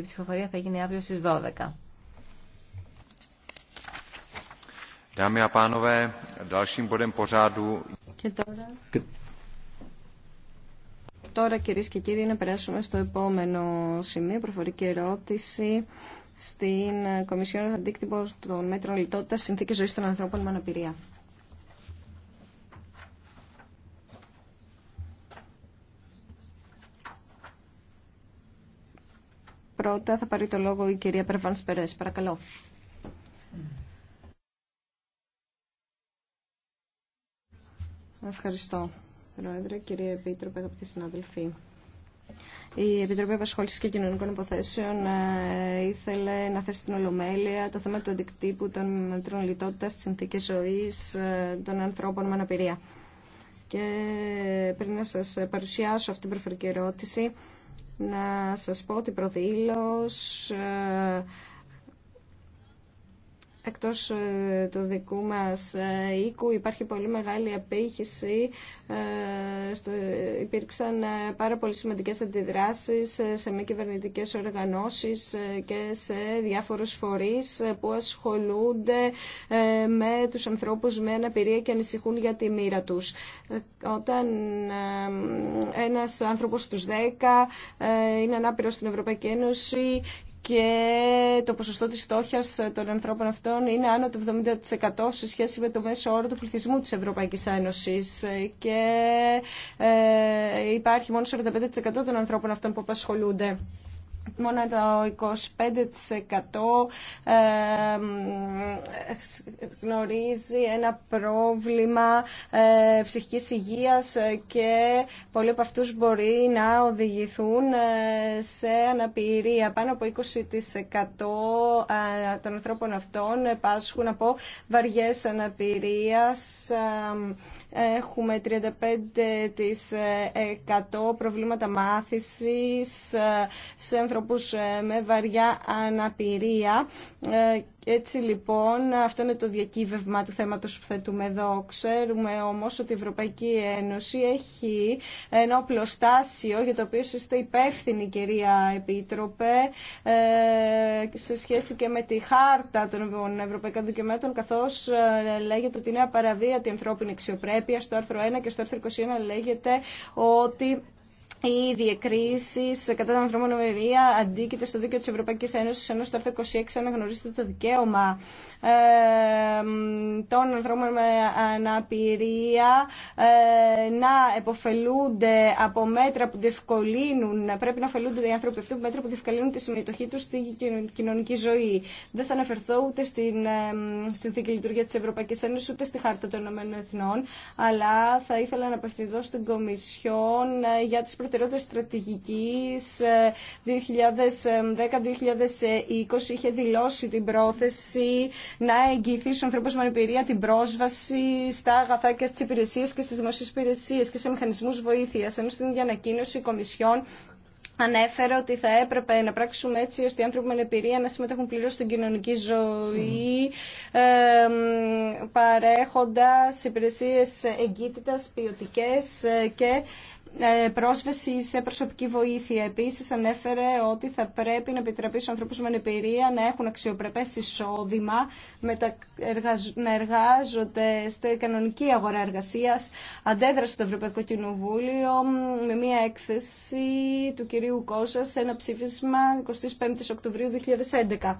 η ψηφοφορία θα γίνει αύριο στις 12. Και τώρα... Τώρα και κύριοι να περάσουμε στο επόμενο σημείο, προφορική ερώτηση στην Κομισιόν Αντίκτυπο των Μέτρων Λιτότητα Συνθήκε Ζωή των Ανθρώπων με Αναπηρία. Πρώτα θα πάρει το λόγο η κυρία Περβάνς Περές. Παρακαλώ. Ευχαριστώ, Πρόεδρε, κυρία Επίτροπε, αγαπητοί συναδελφοί. Η Επιτροπή Απασχόληση και Κοινωνικών Υποθέσεων ε, ήθελε να θέσει την Ολομέλεια το θέμα του αντικτύπου των μέτρων λιτότητα στι συνθήκε ζωή ε, των ανθρώπων με αναπηρία. Και πριν να σα παρουσιάσω αυτή την προφορική ερώτηση, να σας πω ότι προδήλως ε, Εκτός ε, του δικού μας ε, οίκου υπάρχει πολύ μεγάλη απήχηση. Ε, υπήρξαν πάρα πολύ σημαντικές αντιδράσεις σε μη κυβερνητικέ οργανώσεις και σε διάφορους φορείς που ασχολούνται με τους ανθρώπους με αναπηρία και ανησυχούν για τη μοίρα τους. Όταν ένας άνθρωπος στους 10 είναι ανάπηρος στην Ευρωπαϊκή Ένωση, και το ποσοστό της φτώχειας των ανθρώπων αυτών είναι άνω του 70% σε σχέση με το μέσο όρο του πληθυσμού της Ευρωπαϊκής Ένωσης και ε, υπάρχει μόνο 45% των ανθρώπων αυτών που απασχολούνται μόνο το 25% γνωρίζει ένα πρόβλημα ε, ψυχικής υγείας ε, και πολλοί από αυτούς μπορεί να οδηγηθούν ε, σε αναπηρία. Πάνω από 20% των ανθρώπων αυτών πάσχουν από βαριές αναπηρίας Έχουμε 35% προβλήματα μάθησης ε, σε ανθρώπους ε, με βαριά αναπηρία ε, έτσι λοιπόν αυτό είναι το διακύβευμα του θέματος που θέτουμε εδώ. Ξέρουμε όμως ότι η Ευρωπαϊκή Ένωση έχει ένα οπλοστάσιο για το οποίο είστε υπεύθυνοι κυρία Επίτροπε ε, σε σχέση και με τη χάρτα των Ευρωπαϊκών Δικαιωμάτων καθώς ε, λέγεται ότι είναι απαραβίατη ανθρώπινη αξιοπρέπεια στο άρθρο 1 και στο άρθρο 21 λέγεται ότι οι διακρίσει κατά την ανθρώπων ομοιρία αντίκειται στο δίκαιο τη Ευρωπαϊκή Ένωση, ενώ στο άρθρο 26 αναγνωρίζεται το δικαίωμα ε, των ανθρώπων με αναπηρία ε, να επωφελούνται από μέτρα που διευκολύνουν, πρέπει να ωφελούνται οι άνθρωποι αυτοί από μέτρα που διευκολύνουν τη συμμετοχή του στην κοινωνική ζωή. Δεν θα αναφερθώ ούτε στην συνθήκη λειτουργία τη Ευρωπαϊκή Ένωση, ούτε στη Χάρτα των Ηνωμένων Εθνών, αλλά θα ήθελα να απευθυνθώ στην Κομισιόν ε, για τι προτεραιότητας στρατηγικής 2010-2020 ε, είχε δηλώσει την πρόθεση να εγγυηθεί στου ανθρώπου με ανεπηρία την πρόσβαση στα αγαθά και στι υπηρεσίε και στις δημόσιε υπηρεσίε και σε μηχανισμού βοήθεια. Ενώ στην ίδια η Κομισιόν ανέφερε ότι θα έπρεπε να πράξουμε έτσι ώστε οι άνθρωποι με ανεπηρία να συμμετέχουν πλήρω στην κοινωνική ζωή, ε, παρέχοντας υπηρεσίες εγκύτητας, ποιοτικέ ε, και ε, πρόσβαση σε προσωπική βοήθεια. επίση ανέφερε ότι θα πρέπει να επιτραπεί στου ανθρώπου με ανεπηρία να έχουν αξιοπρεπέ εισόδημα, να εργάζονται στην κανονική αγορά εργασία. Αντέδρασε το Ευρωπαϊκό Κοινοβούλιο με μια έκθεση του κυρίου Κόσα σε ένα ψήφισμα 25 Οκτωβρίου 2011.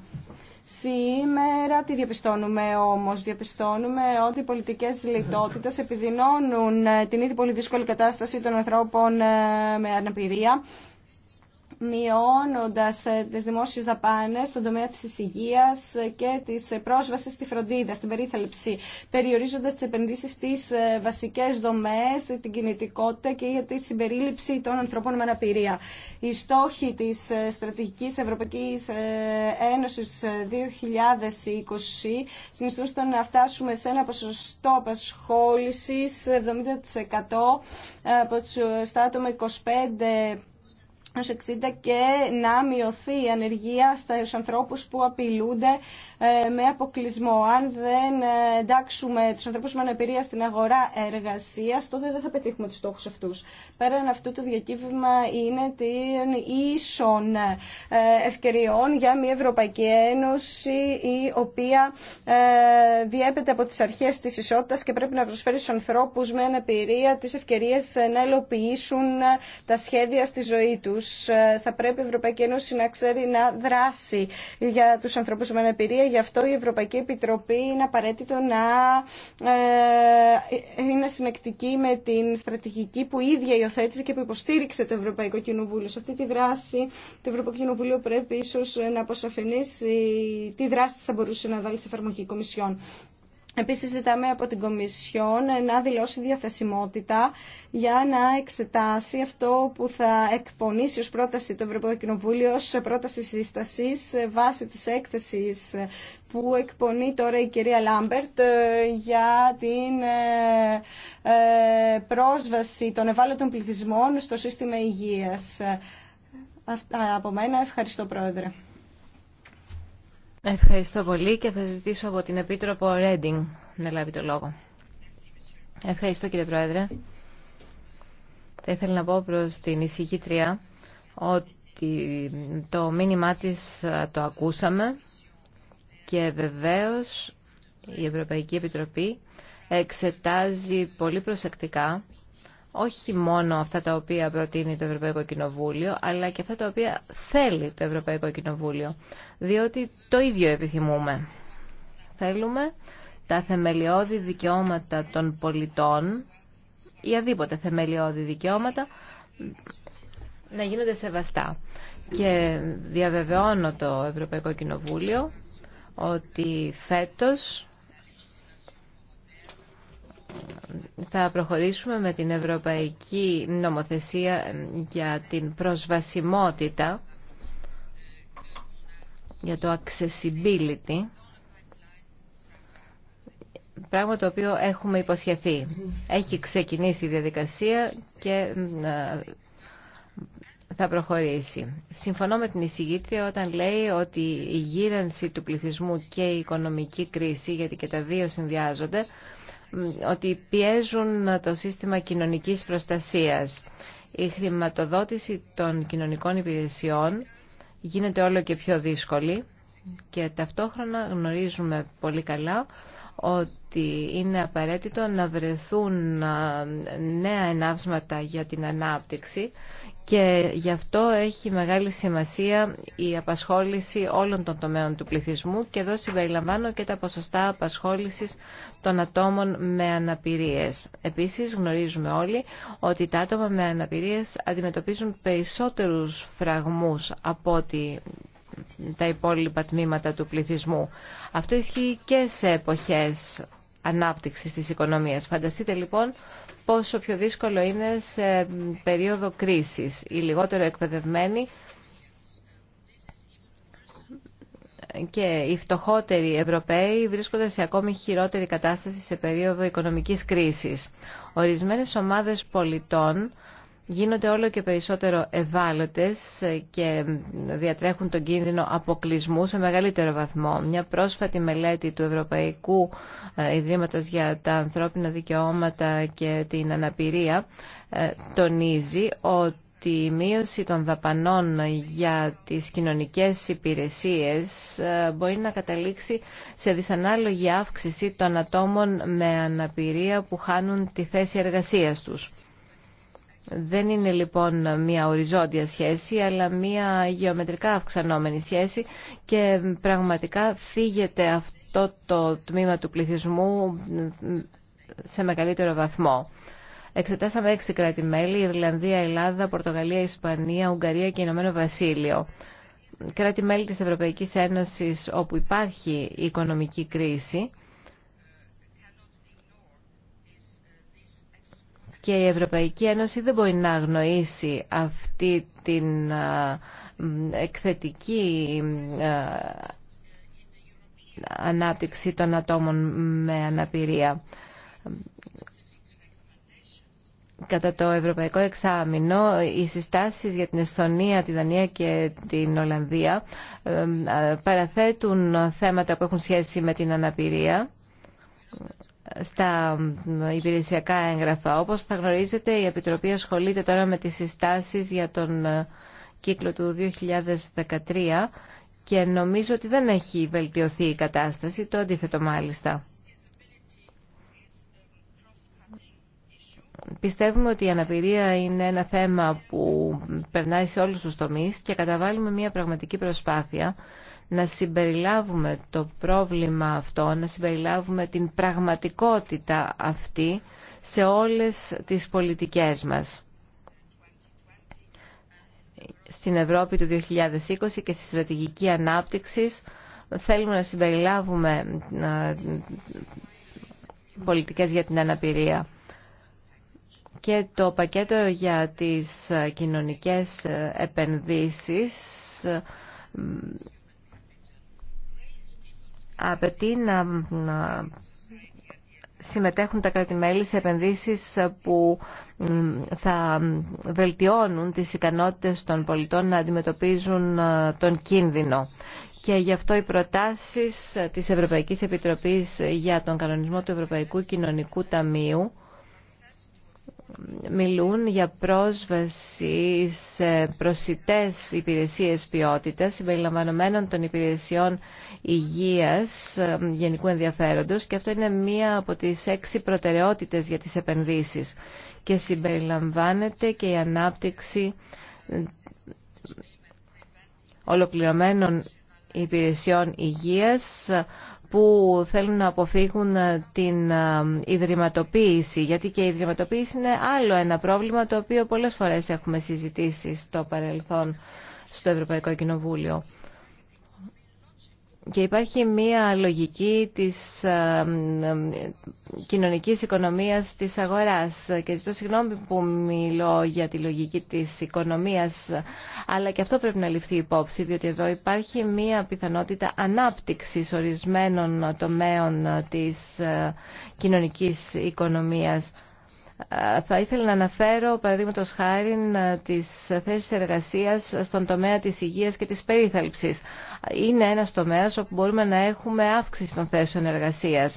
Σήμερα τι διαπιστώνουμε όμως. Διαπιστώνουμε ότι οι πολιτικές λιτότητες επιδεινώνουν ε, την ήδη πολύ δύσκολη κατάσταση των ανθρώπων ε, με αναπηρία Μειώνοντα ε, τι δημόσιε δαπάνε, στον τομέα τη υγείας και τη ε, πρόσβαση στη φροντίδα, στην περίθαλψη, περιορίζοντα τι επενδύσει στι ε, βασικέ δομέ, την κινητικότητα και για τη συμπερίληψη των ανθρώπων με αναπηρία. Οι στόχοι τη στρατηγική Ευρωπαϊκή Ένωση 2020 συνιστούν στο να φτάσουμε σε ένα ποσοστό απασχόληση 70% από τους άτομα 25 60 και να μειωθεί η ανεργία στους ανθρώπους που απειλούνται ε, με αποκλεισμό. Αν δεν ε, εντάξουμε τους ανθρώπους με αναπηρία στην αγορά εργασίας, τότε δεν θα πετύχουμε τους στόχους αυτούς. Πέραν αυτού το διακύβημα είναι την ίσον ε, ευκαιριών για μια Ευρωπαϊκή Ένωση η οποία διέπεται από τις αρχές της ισότητας και πρέπει να προσφέρει στους ανθρώπους με αναπηρία τις ευκαιρίες να ελοποιήσουν τα σχέδια στη ζωή τους ε, θα πρέπει η Ευρωπαϊκή Ένωση να ξέρει να δράσει για τους ανθρώπους με αναπηρία. Γι' αυτό η Ευρωπαϊκή Επιτροπή είναι απαραίτητο να ε, είναι συνεκτική με την στρατηγική που ίδια υιοθέτησε και που υποστήριξε το Ευρωπαϊκό Κοινοβούλιο. Σε αυτή τη δράση το Ευρωπαϊκό Κοινοβούλιο πρέπει ίσως να αποσαφηνίσει τι δράσεις θα μπορούσε να βάλει σε εφαρμογή Κομισιόν. Επίσης ζητάμε από την Κομισιόν να δηλώσει διαθεσιμότητα για να εξετάσει αυτό που θα εκπονήσει ως πρόταση το Ευρωπαϊκό Κοινοβούλιο ως πρόταση σύστασης βάσει της έκθεσης που εκπονεί τώρα η κυρία Λάμπερτ ε, για την ε, ε, πρόσβαση των ευάλωτων πληθυσμών στο σύστημα υγείας. από μένα. Ευχαριστώ Πρόεδρε. Ευχαριστώ πολύ και θα ζητήσω από την Επίτροπο Ρέντινγκ να λάβει το λόγο. Ευχαριστώ κύριε Πρόεδρε. Θα ήθελα να πω προς την εισηγήτρια ότι το μήνυμά της το ακούσαμε και βεβαίως η Ευρωπαϊκή Επιτροπή εξετάζει πολύ προσεκτικά όχι μόνο αυτά τα οποία προτείνει το Ευρωπαϊκό Κοινοβούλιο, αλλά και αυτά τα οποία θέλει το Ευρωπαϊκό Κοινοβούλιο, διότι το ίδιο επιθυμούμε. Θέλουμε τα θεμελιώδη δικαιώματα των πολιτών ή αδίποτε θεμελιώδη δικαιώματα να γίνονται σεβαστά. Και διαβεβαιώνω το Ευρωπαϊκό Κοινοβούλιο ότι φέτος θα προχωρήσουμε με την Ευρωπαϊκή Νομοθεσία για την προσβασιμότητα, για το accessibility, πράγμα το οποίο έχουμε υποσχεθεί. Έχει ξεκινήσει η διαδικασία και ε, θα προχωρήσει. Συμφωνώ με την εισηγήτρια όταν λέει ότι η γύρανση του πληθυσμού και η οικονομική κρίση, γιατί και τα δύο συνδυάζονται, ότι πιέζουν το σύστημα κοινωνικής προστασίας. Η χρηματοδότηση των κοινωνικών υπηρεσιών γίνεται όλο και πιο δύσκολη και ταυτόχρονα γνωρίζουμε πολύ καλά ότι είναι απαραίτητο να βρεθούν ε, νέα ενάψματα για την ανάπτυξη και γι' αυτό έχει μεγάλη σημασία η απασχόληση όλων των τομέων του πληθυσμού και εδώ συμπεριλαμβάνω και τα ποσοστά απασχόλησης των ατόμων με αναπηρίες. Επίσης γνωρίζουμε όλοι ότι τα άτομα με αναπηρίες αντιμετωπίζουν περισσότερους φραγμούς από ότι τα υπόλοιπα τμήματα του πληθυσμού. Αυτό ισχύει και σε εποχές ανάπτυξης της οικονομίας. Φανταστείτε λοιπόν πόσο πιο δύσκολο είναι σε περίοδο κρίσης. Οι λιγότερο εκπαιδευμένοι και οι φτωχότεροι Ευρωπαίοι βρίσκονται σε ακόμη χειρότερη κατάσταση σε περίοδο οικονομικής κρίσης. Ορισμένες ομάδες πολιτών γίνονται όλο και περισσότερο ευάλωτες και διατρέχουν τον κίνδυνο αποκλεισμού σε μεγαλύτερο βαθμό. Μια πρόσφατη μελέτη του Ευρωπαϊκού ε, Ιδρύματος για τα ανθρώπινα δικαιώματα και την αναπηρία ε, τονίζει ότι η μείωση των δαπανών για τις κοινωνικές υπηρεσίες ε, μπορεί να καταλήξει σε δυσανάλογη αύξηση των ατόμων με αναπηρία που χάνουν τη θέση εργασίας τους. Δεν είναι λοιπόν μια οριζόντια σχέση, αλλά μια γεωμετρικά αυξανόμενη σχέση και πραγματικά φύγεται αυτό το τμήμα του πληθυσμού σε μεγαλύτερο βαθμό. Εξετάσαμε έξι κράτη-μέλη, Ιρλανδία, Ελλάδα, Πορτογαλία, Ισπανία, Ουγγαρία και Ηνωμένο Βασίλειο. Κράτη-μέλη της Ευρωπαϊκής Ένωσης όπου υπάρχει οικονομική κρίση και η Ευρωπαϊκή Ένωση δεν μπορεί να αγνοήσει αυτή την εκθετική ανάπτυξη των ατόμων με αναπηρία. Κατά το Ευρωπαϊκό Εξάμεινο, οι συστάσεις για την Εσθονία, τη Δανία και την Ολλανδία ε, παραθέτουν θέματα που έχουν σχέση με την αναπηρία στα υπηρεσιακά έγγραφα. Όπως θα γνωρίζετε, η Επιτροπή ασχολείται τώρα με τις συστάσεις για τον ε, κύκλο του 2013 και νομίζω ότι δεν έχει βελτιωθεί η κατάσταση, το αντίθετο μάλιστα. Πιστεύουμε ότι η αναπηρία είναι ένα θέμα που περνάει σε όλους τους τομείς και καταβάλουμε μια πραγματική προσπάθεια να συμπεριλάβουμε το πρόβλημα αυτό, να συμπεριλάβουμε την πραγματικότητα αυτή σε όλες τις πολιτικές μας. Στην Ευρώπη του 2020 και στη στρατηγική ανάπτυξη θέλουμε να συμπεριλάβουμε ε, πολιτικές για την αναπηρία. Και το πακέτο για τις κοινωνικές ε, επενδύσεις ε, απαιτεί να, συμμετέχουν τα κρατημέλη σε επενδύσεις που θα βελτιώνουν τις ικανότητες των πολιτών να αντιμετωπίζουν ε, τον κίνδυνο. Και γι' αυτό οι προτάσεις της Ευρωπαϊκής Επιτροπής για τον κανονισμό του Ευρωπαϊκού Κοινωνικού Ταμείου μιλούν για πρόσβαση σε προσιτές υπηρεσίες ποιότητας συμπεριλαμβανομένων των υπηρεσιών υγείας ε, γενικού ενδιαφέροντος και αυτό είναι μία από τις έξι προτεραιότητες για τις επενδύσεις και συμπεριλαμβάνεται και η ανάπτυξη ε, ολοκληρωμένων υπηρεσιών υγείας που θέλουν να αποφύγουν ε, την ε, ιδρυματοποίηση, γιατί και η ιδρυματοποίηση είναι άλλο ένα πρόβλημα το οποίο πολλές φορές έχουμε συζητήσει στο παρελθόν στο Ευρωπαϊκό Κοινοβούλιο. Και υπάρχει μία λογική της κοινωνικής οικονομίας της αγοράς. Και ζητώ συγγνώμη που μιλώ για τη λογική της οικονομίας, αλλά και αυτό πρέπει να ληφθεί υπόψη, διότι εδώ υπάρχει μία πιθανότητα ανάπτυξης ορισμένων τομέων της ε, κοινωνικής οικονομίας. Θα ήθελα να αναφέρω, παραδείγματο χάρη, τι θέσει εργασία στον τομέα τη υγεία και τη περίθαλψη. Είναι ένα τομέα όπου μπορούμε να έχουμε αύξηση των θέσεων εργασία.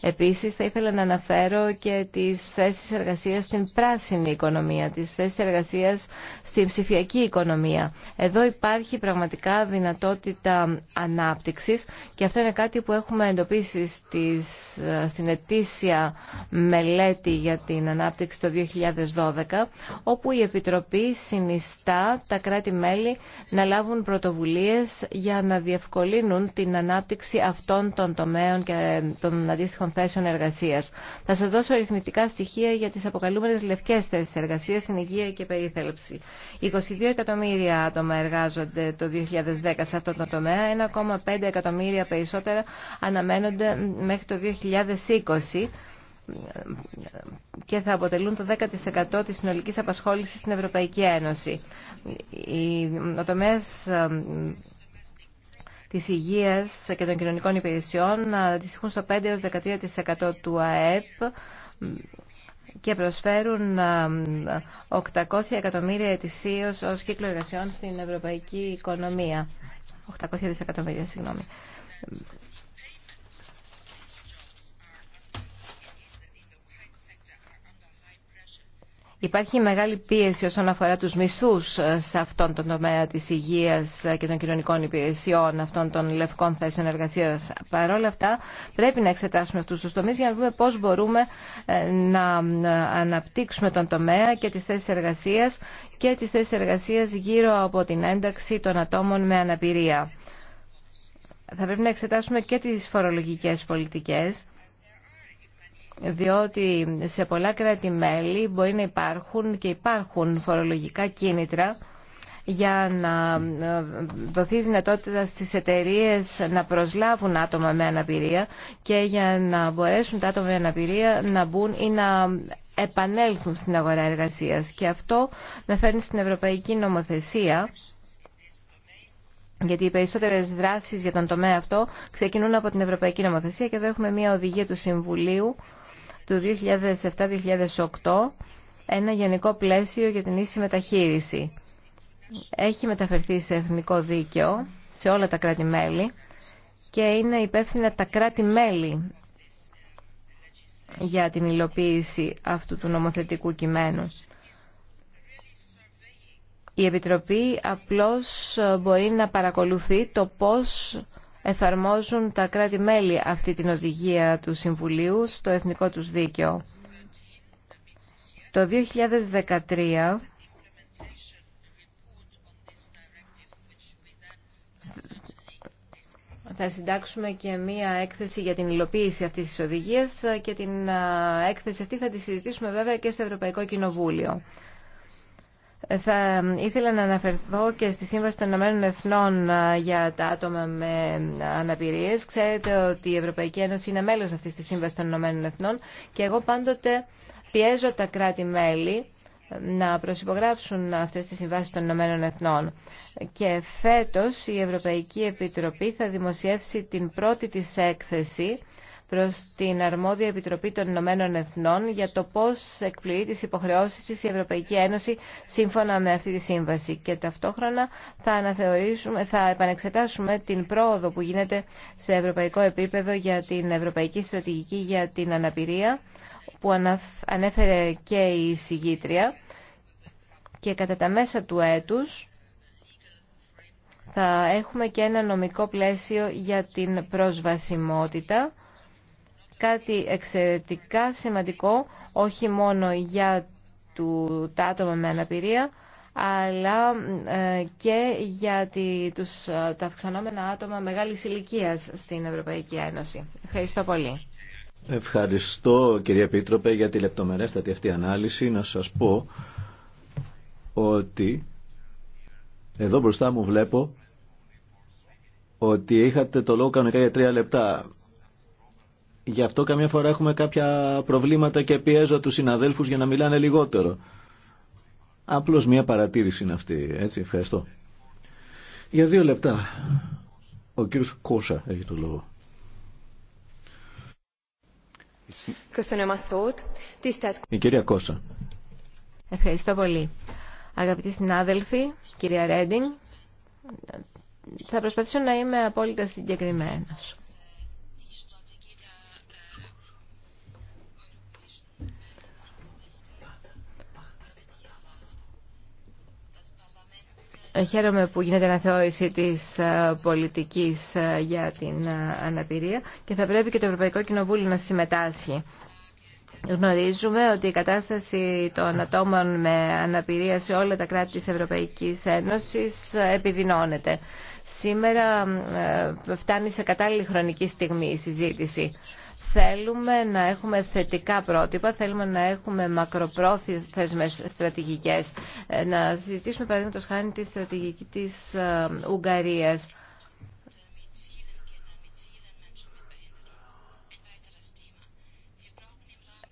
Επίσης θα ήθελα να αναφέρω και τις θέσεις εργασίας στην πράσινη οικονομία, τις θέσεις εργασίας στην ψηφιακή οικονομία. Εδώ υπάρχει πραγματικά δυνατότητα ανάπτυξης και αυτό είναι κάτι που έχουμε εντοπίσει στις, στην ετήσια μελέτη για την ανάπτυξη το 2012, όπου η Επιτροπή συνιστά τα κράτη-μέλη να λάβουν πρωτοβουλίες για να διευκολύνουν την ανάπτυξη αυτών των τομέων και των αντίστοιχων των θέσεων εργασία. Θα σα δώσω αριθμητικά στοιχεία για τι αποκαλούμενε λευκέ θέσει εργασία, στην υγεία και περίθαλψη. 22 εκατομμύρια άτομα εργάζονται το 2010 σε αυτό το τομέα, 1,5 εκατομμύρια περισσότερα αναμένονται μέχρι το 2020 και θα αποτελούν το 10% της συνολικής απασχόλησης στην Ευρωπαϊκή Ένωση της υγείας και των κοινωνικών υπηρεσιών αντιστοιχούν στο 5-13% του ΑΕΠ και προσφέρουν 800 εκατομμύρια ετησίως ως κύκλο εργασιών στην ευρωπαϊκή οικονομία. 800 δισεκατομμύρια, συγγνώμη. Υπάρχει μεγάλη πίεση όσον αφορά τους μισθούς ε, σε αυτόν τον τομέα της υγείας ε, και των κοινωνικών υπηρεσιών, αυτών των λευκών θέσεων εργασίας. Παρ' όλα αυτά πρέπει να εξετάσουμε αυτούς τους τομείς για να δούμε πώς μπορούμε ε, να αναπτύξουμε τον τομέα και τις θέσεις εργασίας και τις θέσεις εργασίας γύρω από την ένταξη των ατόμων με αναπηρία. Θα πρέπει να εξετάσουμε και τις φορολογικές πολιτικές διότι σε πολλά κράτη-μέλη μπορεί να υπάρχουν και υπάρχουν φορολογικά κίνητρα για να ε, δοθεί δυνατότητα στις εταιρείες να προσλάβουν άτομα με αναπηρία και για να μπορέσουν τα άτομα με αναπηρία να μπουν ή να επανέλθουν στην αγορά εργασίας. Και αυτό με φέρνει στην Ευρωπαϊκή Νομοθεσία γιατί οι περισσότερες δράσει για τον τομέα αυτό ξεκινούν από την Ευρωπαϊκή Νομοθεσία και εδώ έχουμε μια οδηγία του Συμβουλίου του 2007-2008 ένα γενικό πλαίσιο για την ίση μεταχείριση. Έχει μεταφερθεί σε εθνικό δίκαιο σε όλα τα κράτη-μέλη και είναι υπεύθυνα τα κράτη-μέλη για την υλοποίηση αυτού του νομοθετικού κειμένου. Η Επιτροπή απλώς μπορεί να παρακολουθεί το πώς εφαρμόζουν τα κράτη-μέλη αυτή την οδηγία του Συμβουλίου στο εθνικό τους δίκαιο. Το 2013 θα συντάξουμε και μία έκθεση για την υλοποίηση αυτής της οδηγίας και την έκθεση αυτή θα τη συζητήσουμε βέβαια και στο Ευρωπαϊκό Κοινοβούλιο. Θα ήθελα να αναφερθώ και στη Σύμβαση των Ηνωμένων Εθνών ε, για τα άτομα με αναπηρίες. Ξέρετε ότι η Ευρωπαϊκή Ένωση είναι μέλος αυτής της Σύμβασης των Ηνωμένων Εθνών και εγώ πάντοτε πιέζω τα κράτη-μέλη ε, να προσυπογράψουν αυτές τις συμβάσεις των Ηνωμένων Εθνών. Και φέτος η Ευρωπαϊκή Επιτροπή θα δημοσιεύσει την πρώτη της έκθεση προς την Αρμόδια Επιτροπή των Ηνωμένων Εθνών για το πώς εκπληρεί τις υποχρεώσεις της η Ευρωπαϊκή Ένωση σύμφωνα με αυτή τη σύμβαση. Και ταυτόχρονα θα, αναθεωρήσουμε, θα επανεξετάσουμε την πρόοδο που γίνεται σε ευρωπαϊκό επίπεδο για την Ευρωπαϊκή Στρατηγική για την Αναπηρία που ανέφερε και η συγγήτρια και κατά τα μέσα του έτους θα έχουμε και ένα νομικό πλαίσιο για την προσβασιμότητα κάτι εξαιρετικά σημαντικό όχι μόνο για του, τα άτομα με αναπηρία αλλά ε, και για τους, ε, τα αυξανόμενα άτομα μεγάλης ηλικίας στην Ευρωπαϊκή Ένωση. Ευχαριστώ πολύ. Ευχαριστώ κυρία Πίτροπε για τη λεπτομερέστατη αυτή ανάλυση. Να σας πω ότι εδώ μπροστά μου βλέπω ότι είχατε το λόγο κανονικά για τρία λεπτά. Γι' αυτό καμιά φορά έχουμε κάποια προβλήματα και πιέζω τους συναδέλφους για να μιλάνε λιγότερο. Απλώς μια παρατήρηση είναι αυτή, έτσι, ευχαριστώ. Για δύο λεπτά, ο κύριος Κόσα έχει το λόγο. Η κυρία Κόσα. Ευχαριστώ πολύ. Αγαπητοί συνάδελφοι, κυρία Ρέντινγκ, θα προσπαθήσω να είμαι απόλυτα συγκεκριμένος. Ε, χαίρομαι που γίνεται αναθεώρηση της ε, πολιτικής ε, για την αναπηρία και θα πρέπει και το Ευρωπαϊκό Κοινοβούλιο να συμμετάσχει. Γνωρίζουμε ότι η κατάσταση των ατόμων με αναπηρία σε όλα τα κράτη της Ευρωπαϊκής Ένωσης επιδεινώνεται. Σήμερα φτάνει σε κατάλληλη χρονική στιγμή η συζήτηση. Θέλουμε να έχουμε θετικά πρότυπα, θέλουμε να έχουμε μακροπρόθεσμες στρατηγικές. Ε, να συζητήσουμε παραδείγματος χάρη τη στρατηγική της ε, Ουγγαρίας.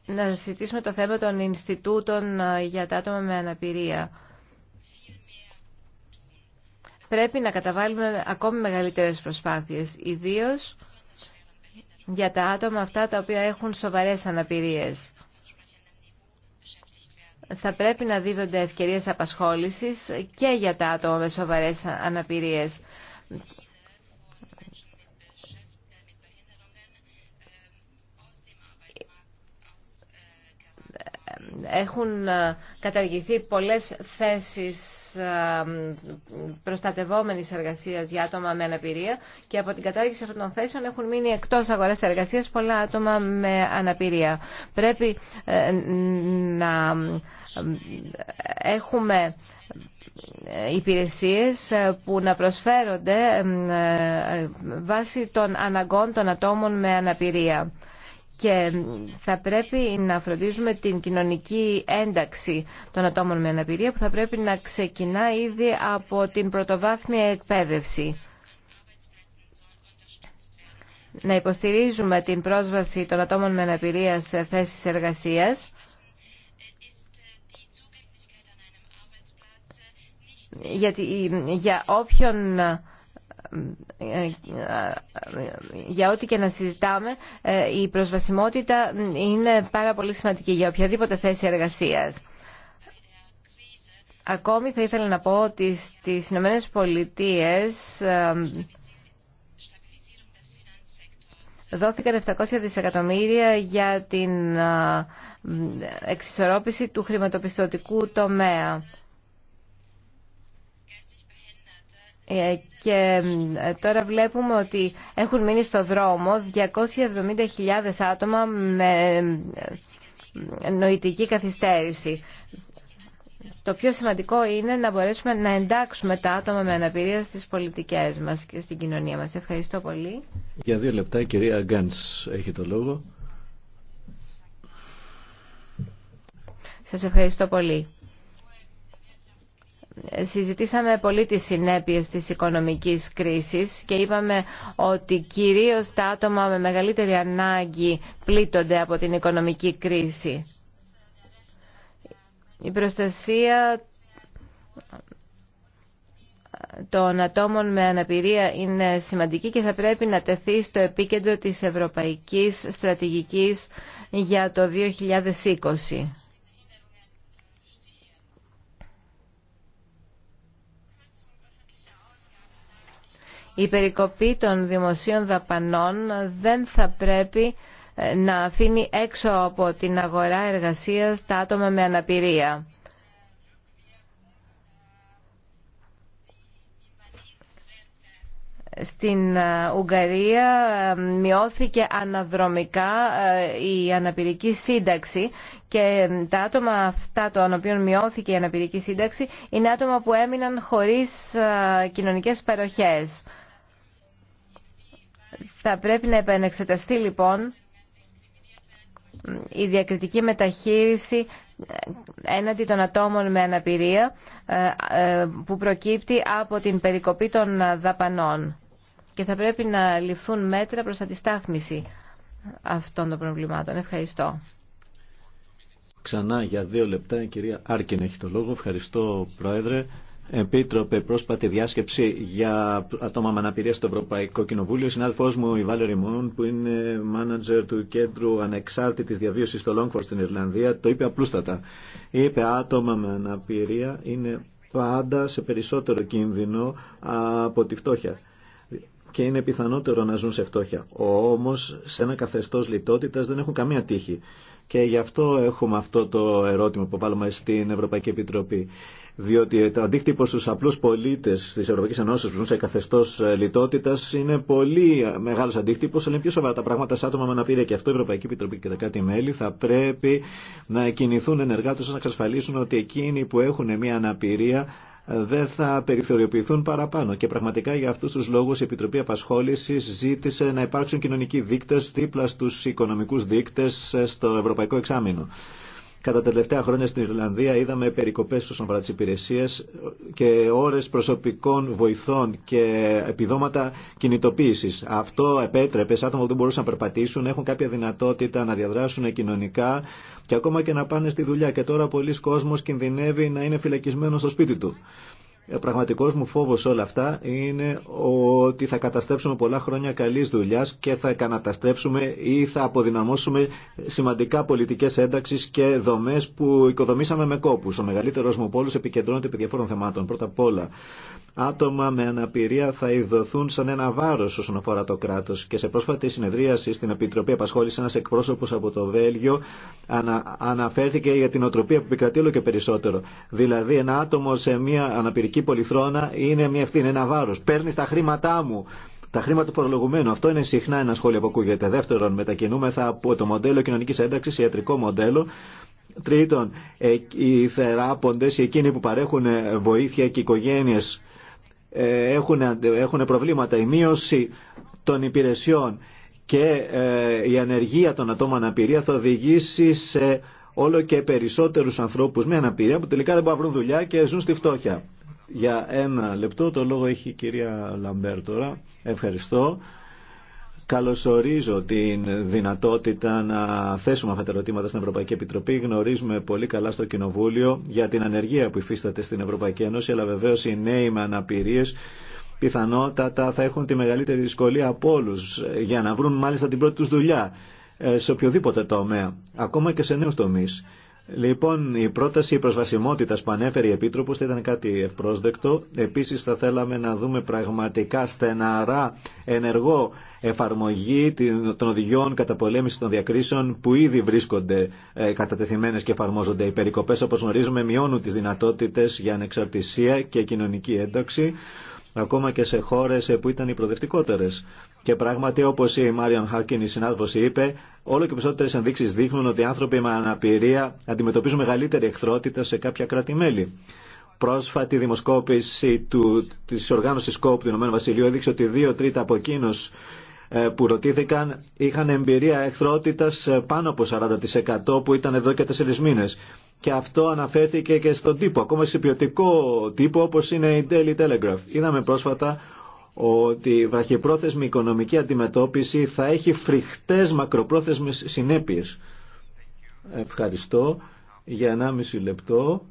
Να συζητήσουμε το θέμα των Ινστιτούτων ε, για τα άτομα με αναπηρία. Πρέπει να καταβάλουμε ακόμη μεγαλύτερες προσπάθειες, ιδίως για τα άτομα αυτά τα οποία έχουν σοβαρές αναπηρίες. Θα πρέπει να δίδονται ευκαιρίες απασχόλησης και για τα άτομα με σοβαρές αναπηρίες. έχουν ε, καταργηθεί πολλές θέσεις ε, προστατευόμενης εργασίας για άτομα με αναπηρία και από την κατάργηση αυτών των θέσεων έχουν μείνει εκτός αγοράς εργασίας πολλά άτομα με αναπηρία. Πρέπει ε, να έχουμε υπηρεσίες που να προσφέρονται βάσει των αναγκών των ατόμων με αναπηρία και θα πρέπει να φροντίζουμε την κοινωνική ένταξη των ατόμων με αναπηρία που θα πρέπει να ξεκινά ήδη από την πρωτοβάθμια εκπαίδευση. Να υποστηρίζουμε την πρόσβαση των ατόμων με αναπηρία σε θέσεις εργασίας γιατί για όποιον για ό,τι και να συζητάμε, ε, η προσβασιμότητα είναι πάρα πολύ σημαντική για οποιαδήποτε θέση εργασίας. Ακόμη θα ήθελα να πω ότι στις Ηνωμένε Πολιτείε ε, δόθηκαν 700 δισεκατομμύρια για την ε, εξισορρόπηση του χρηματοπιστωτικού τομέα. Ε, και ε, τώρα βλέπουμε ότι έχουν μείνει στο δρόμο 270.000 άτομα με ε, νοητική καθυστέρηση. Το πιο σημαντικό είναι να μπορέσουμε να εντάξουμε τα άτομα με αναπηρία στις πολιτικές μας και στην κοινωνία μας. Ευχαριστώ πολύ. Για δύο λεπτά η κυρία Γκάνς έχει το λόγο. Σας ευχαριστώ πολύ συζητήσαμε πολύ τις συνέπειες της οικονομικής κρίσης και είπαμε ότι κυρίως τα άτομα με μεγαλύτερη ανάγκη πλήττονται από την οικονομική κρίση. Η προστασία των ατόμων με αναπηρία είναι σημαντική και θα πρέπει να τεθεί στο επίκεντρο της Ευρωπαϊκής Στρατηγικής για το 2020. Η περικοπή των δημοσίων δαπανών δεν θα πρέπει ε, να αφήνει έξω από την αγορά εργασίας τα άτομα με αναπηρία. Στην ε, Ουγγαρία ε, μειώθηκε αναδρομικά η αναπηρική σύνταξη και τα άτομα αυτά των οποίων μειώθηκε η αναπηρική σύνταξη είναι άτομα που έμειναν χωρίς κοινωνικές παροχές. Θα πρέπει να επανεξεταστεί λοιπόν η διακριτική μεταχείριση ε, έναντι των ατόμων με αναπηρία ε, ε, που προκύπτει από την περικοπή των δαπανών και θα πρέπει να ληφθούν μέτρα προς αντιστάθμιση αυτών των προβλημάτων. Ευχαριστώ. Ξανά για δύο λεπτά η κυρία Άρκιν έχει το λόγο. Ευχαριστώ Πρόεδρε. Επίτροπε, πρόσπατη διάσκεψη για άτομα με αναπηρία στο Ευρωπαϊκό Κοινοβούλιο. Συνάδελφό μου, η Βάλερη Μόν, που είναι μάνατζερ του Κέντρου Ανεξάρτητη Διαβίωση στο Λόγκφορ στην Ιρλανδία, το είπε απλούστατα. Είπε άτομα με αναπηρία είναι πάντα σε περισσότερο κίνδυνο από τη φτώχεια και είναι πιθανότερο να ζουν σε φτώχεια. Όμω, σε ένα καθεστώ λιτότητα δεν έχουν καμία τύχη. Και γι' αυτό έχουμε αυτό το ερώτημα που βάλουμε στην Ευρωπαϊκή Επιτροπή. Διότι το αντίκτυπο στου απλού πολίτε τη Ευρωπαϊκή Ενώση που ζουν σε καθεστώ ε, λιτότητα είναι πολύ ε, μεγάλο αντίκτυπο, αλλά είναι πιο σοβαρά τα πράγματα σε άτομα με αναπηρία. Και αυτό η Ευρωπαϊκή Επιτροπή και τα κάτι μελη θα πρέπει να κινηθούν ενεργά του να εξασφαλίσουν ότι εκείνοι που έχουν μια αναπηρία ε, δεν θα περιθωριοποιηθούν παραπάνω. Και πραγματικά για αυτού του λόγου η Επιτροπή Απασχόληση ζήτησε να υπάρξουν κοινωνικοί δείκτε δίπλα στου οικονομικού δείκτε στο Ευρωπαϊκό Εξάμεινο. Κατά τα τελευταία χρόνια στην Ιρλανδία είδαμε περικοπές στους αφορά υπηρεσίε και ώρες προσωπικών βοηθών και επιδόματα κινητοποίησης. Αυτό επέτρεπε σε άτομα που δεν μπορούσαν να περπατήσουν έχουν κάποια δυνατότητα να διαδράσουν κοινωνικά και ακόμα και να πάνε στη δουλειά. Και τώρα πολλοί κόσμος κινδυνεύει να είναι φυλακισμένο στο σπίτι του. Ο ε, πραγματικός μου φόβος όλα αυτά είναι ότι θα καταστρέψουμε πολλά χρόνια καλής δουλειάς και θα καταστρέψουμε ή θα αποδυναμώσουμε σημαντικά πολιτικές ένταξεις και δομές που οικοδομήσαμε με κόπους. Ο μεγαλύτερος μου πόλος επικεντρώνεται επί διαφόρων θεμάτων. Πρώτα απ' όλα, άτομα με αναπηρία θα ειδωθούν σαν ένα βάρος όσον αφορά το κράτος και σε πρόσφατη συνεδρίαση στην Επιτροπή απασχόλησε ένας εκπρόσωπος από το Βέλγιο ανα, αναφέρθηκε για την οτροπία που επικρατεί και περισσότερο. Δηλαδή ένα άτομο σε μια αναπηρική ελληνική πολυθρόνα είναι μια ευθύνη, ένα βάρο. Παίρνει τα χρήματά μου. Τα χρήματα του φορολογουμένου. Αυτό είναι συχνά ένα σχόλιο που ακούγεται. Δεύτερον, μετακινούμεθα από το μοντέλο κοινωνική ένταξη ιατρικό μοντέλο. Τρίτον, ε, οι θεράποντε, εκείνοι που παρέχουν ε, βοήθεια και οι οικογένειε ε, έχουν, έχουν προβλήματα. Η μείωση των υπηρεσιών και η ανεργία των ατόμων αναπηρία θα οδηγήσει σε όλο και περισσότερου ανθρώπου με αναπηρία που τελικά δεν μπορούν να βρουν δουλειά και ζουν στη φτώχεια. Για ένα λεπτό το λόγο έχει η κυρία Λαμπέρ τώρα. Ευχαριστώ. Καλωσορίζω την δυνατότητα να θέσουμε αυτά τα ερωτήματα στην Ευρωπαϊκή Επιτροπή. Γνωρίζουμε πολύ καλά στο Κοινοβούλιο για την ανεργία που υφίσταται στην Ευρωπαϊκή Ένωση, αλλά βεβαίω οι νέοι με αναπηρίε πιθανότατα θα έχουν τη μεγαλύτερη δυσκολία από όλου για να βρουν μάλιστα την πρώτη τους δουλειά ε, σε οποιοδήποτε τομέα, ακόμα και σε νέου τομεί. Λοιπόν, η πρόταση προσβασιμότητα που ανέφερε η Επίτροπο ήταν κάτι ευπρόσδεκτο. Επίση, θα θέλαμε να δούμε πραγματικά στεναρά ενεργό εφαρμογή των οδηγιών κατά πολέμηση των διακρίσεων που ήδη βρίσκονται ε, κατατεθειμένες και εφαρμόζονται. Οι περικοπέ, όπω γνωρίζουμε μειώνουν τι δυνατότητε για ανεξαρτησία και κοινωνική ένταξη ακόμα και σε χώρες που ήταν οι προδευτικότερες. Και πράγματι, όπω η Μάριον Χάρκιν, η συνάδελφο, είπε, όλο και περισσότερε ενδείξει δείχνουν ότι οι άνθρωποι με αναπηρία αντιμετωπίζουν μεγαλύτερη εχθρότητα σε κάποια κράτη-μέλη. Πρόσφατη δημοσκόπηση τη οργάνωση οργάνωσης του Ηνωμένου Βασιλείου έδειξε ότι δύο τρίτα από εκείνους ε, που ρωτήθηκαν είχαν εμπειρία εχθρότητα ε, πάνω από 40% που ήταν εδώ και τέσσερι μήνε. Και αυτό αναφέρθηκε και στον τύπο, ακόμα σε ποιοτικό τύπο όπω είναι η Daily Telegraph. Είδαμε πρόσφατα ότι η βραχυπρόθεσμη οικονομική αντιμετώπιση θα έχει φρικτές μακροπρόθεσμες συνέπειες. Ευχαριστώ για 1,5 λεπτό.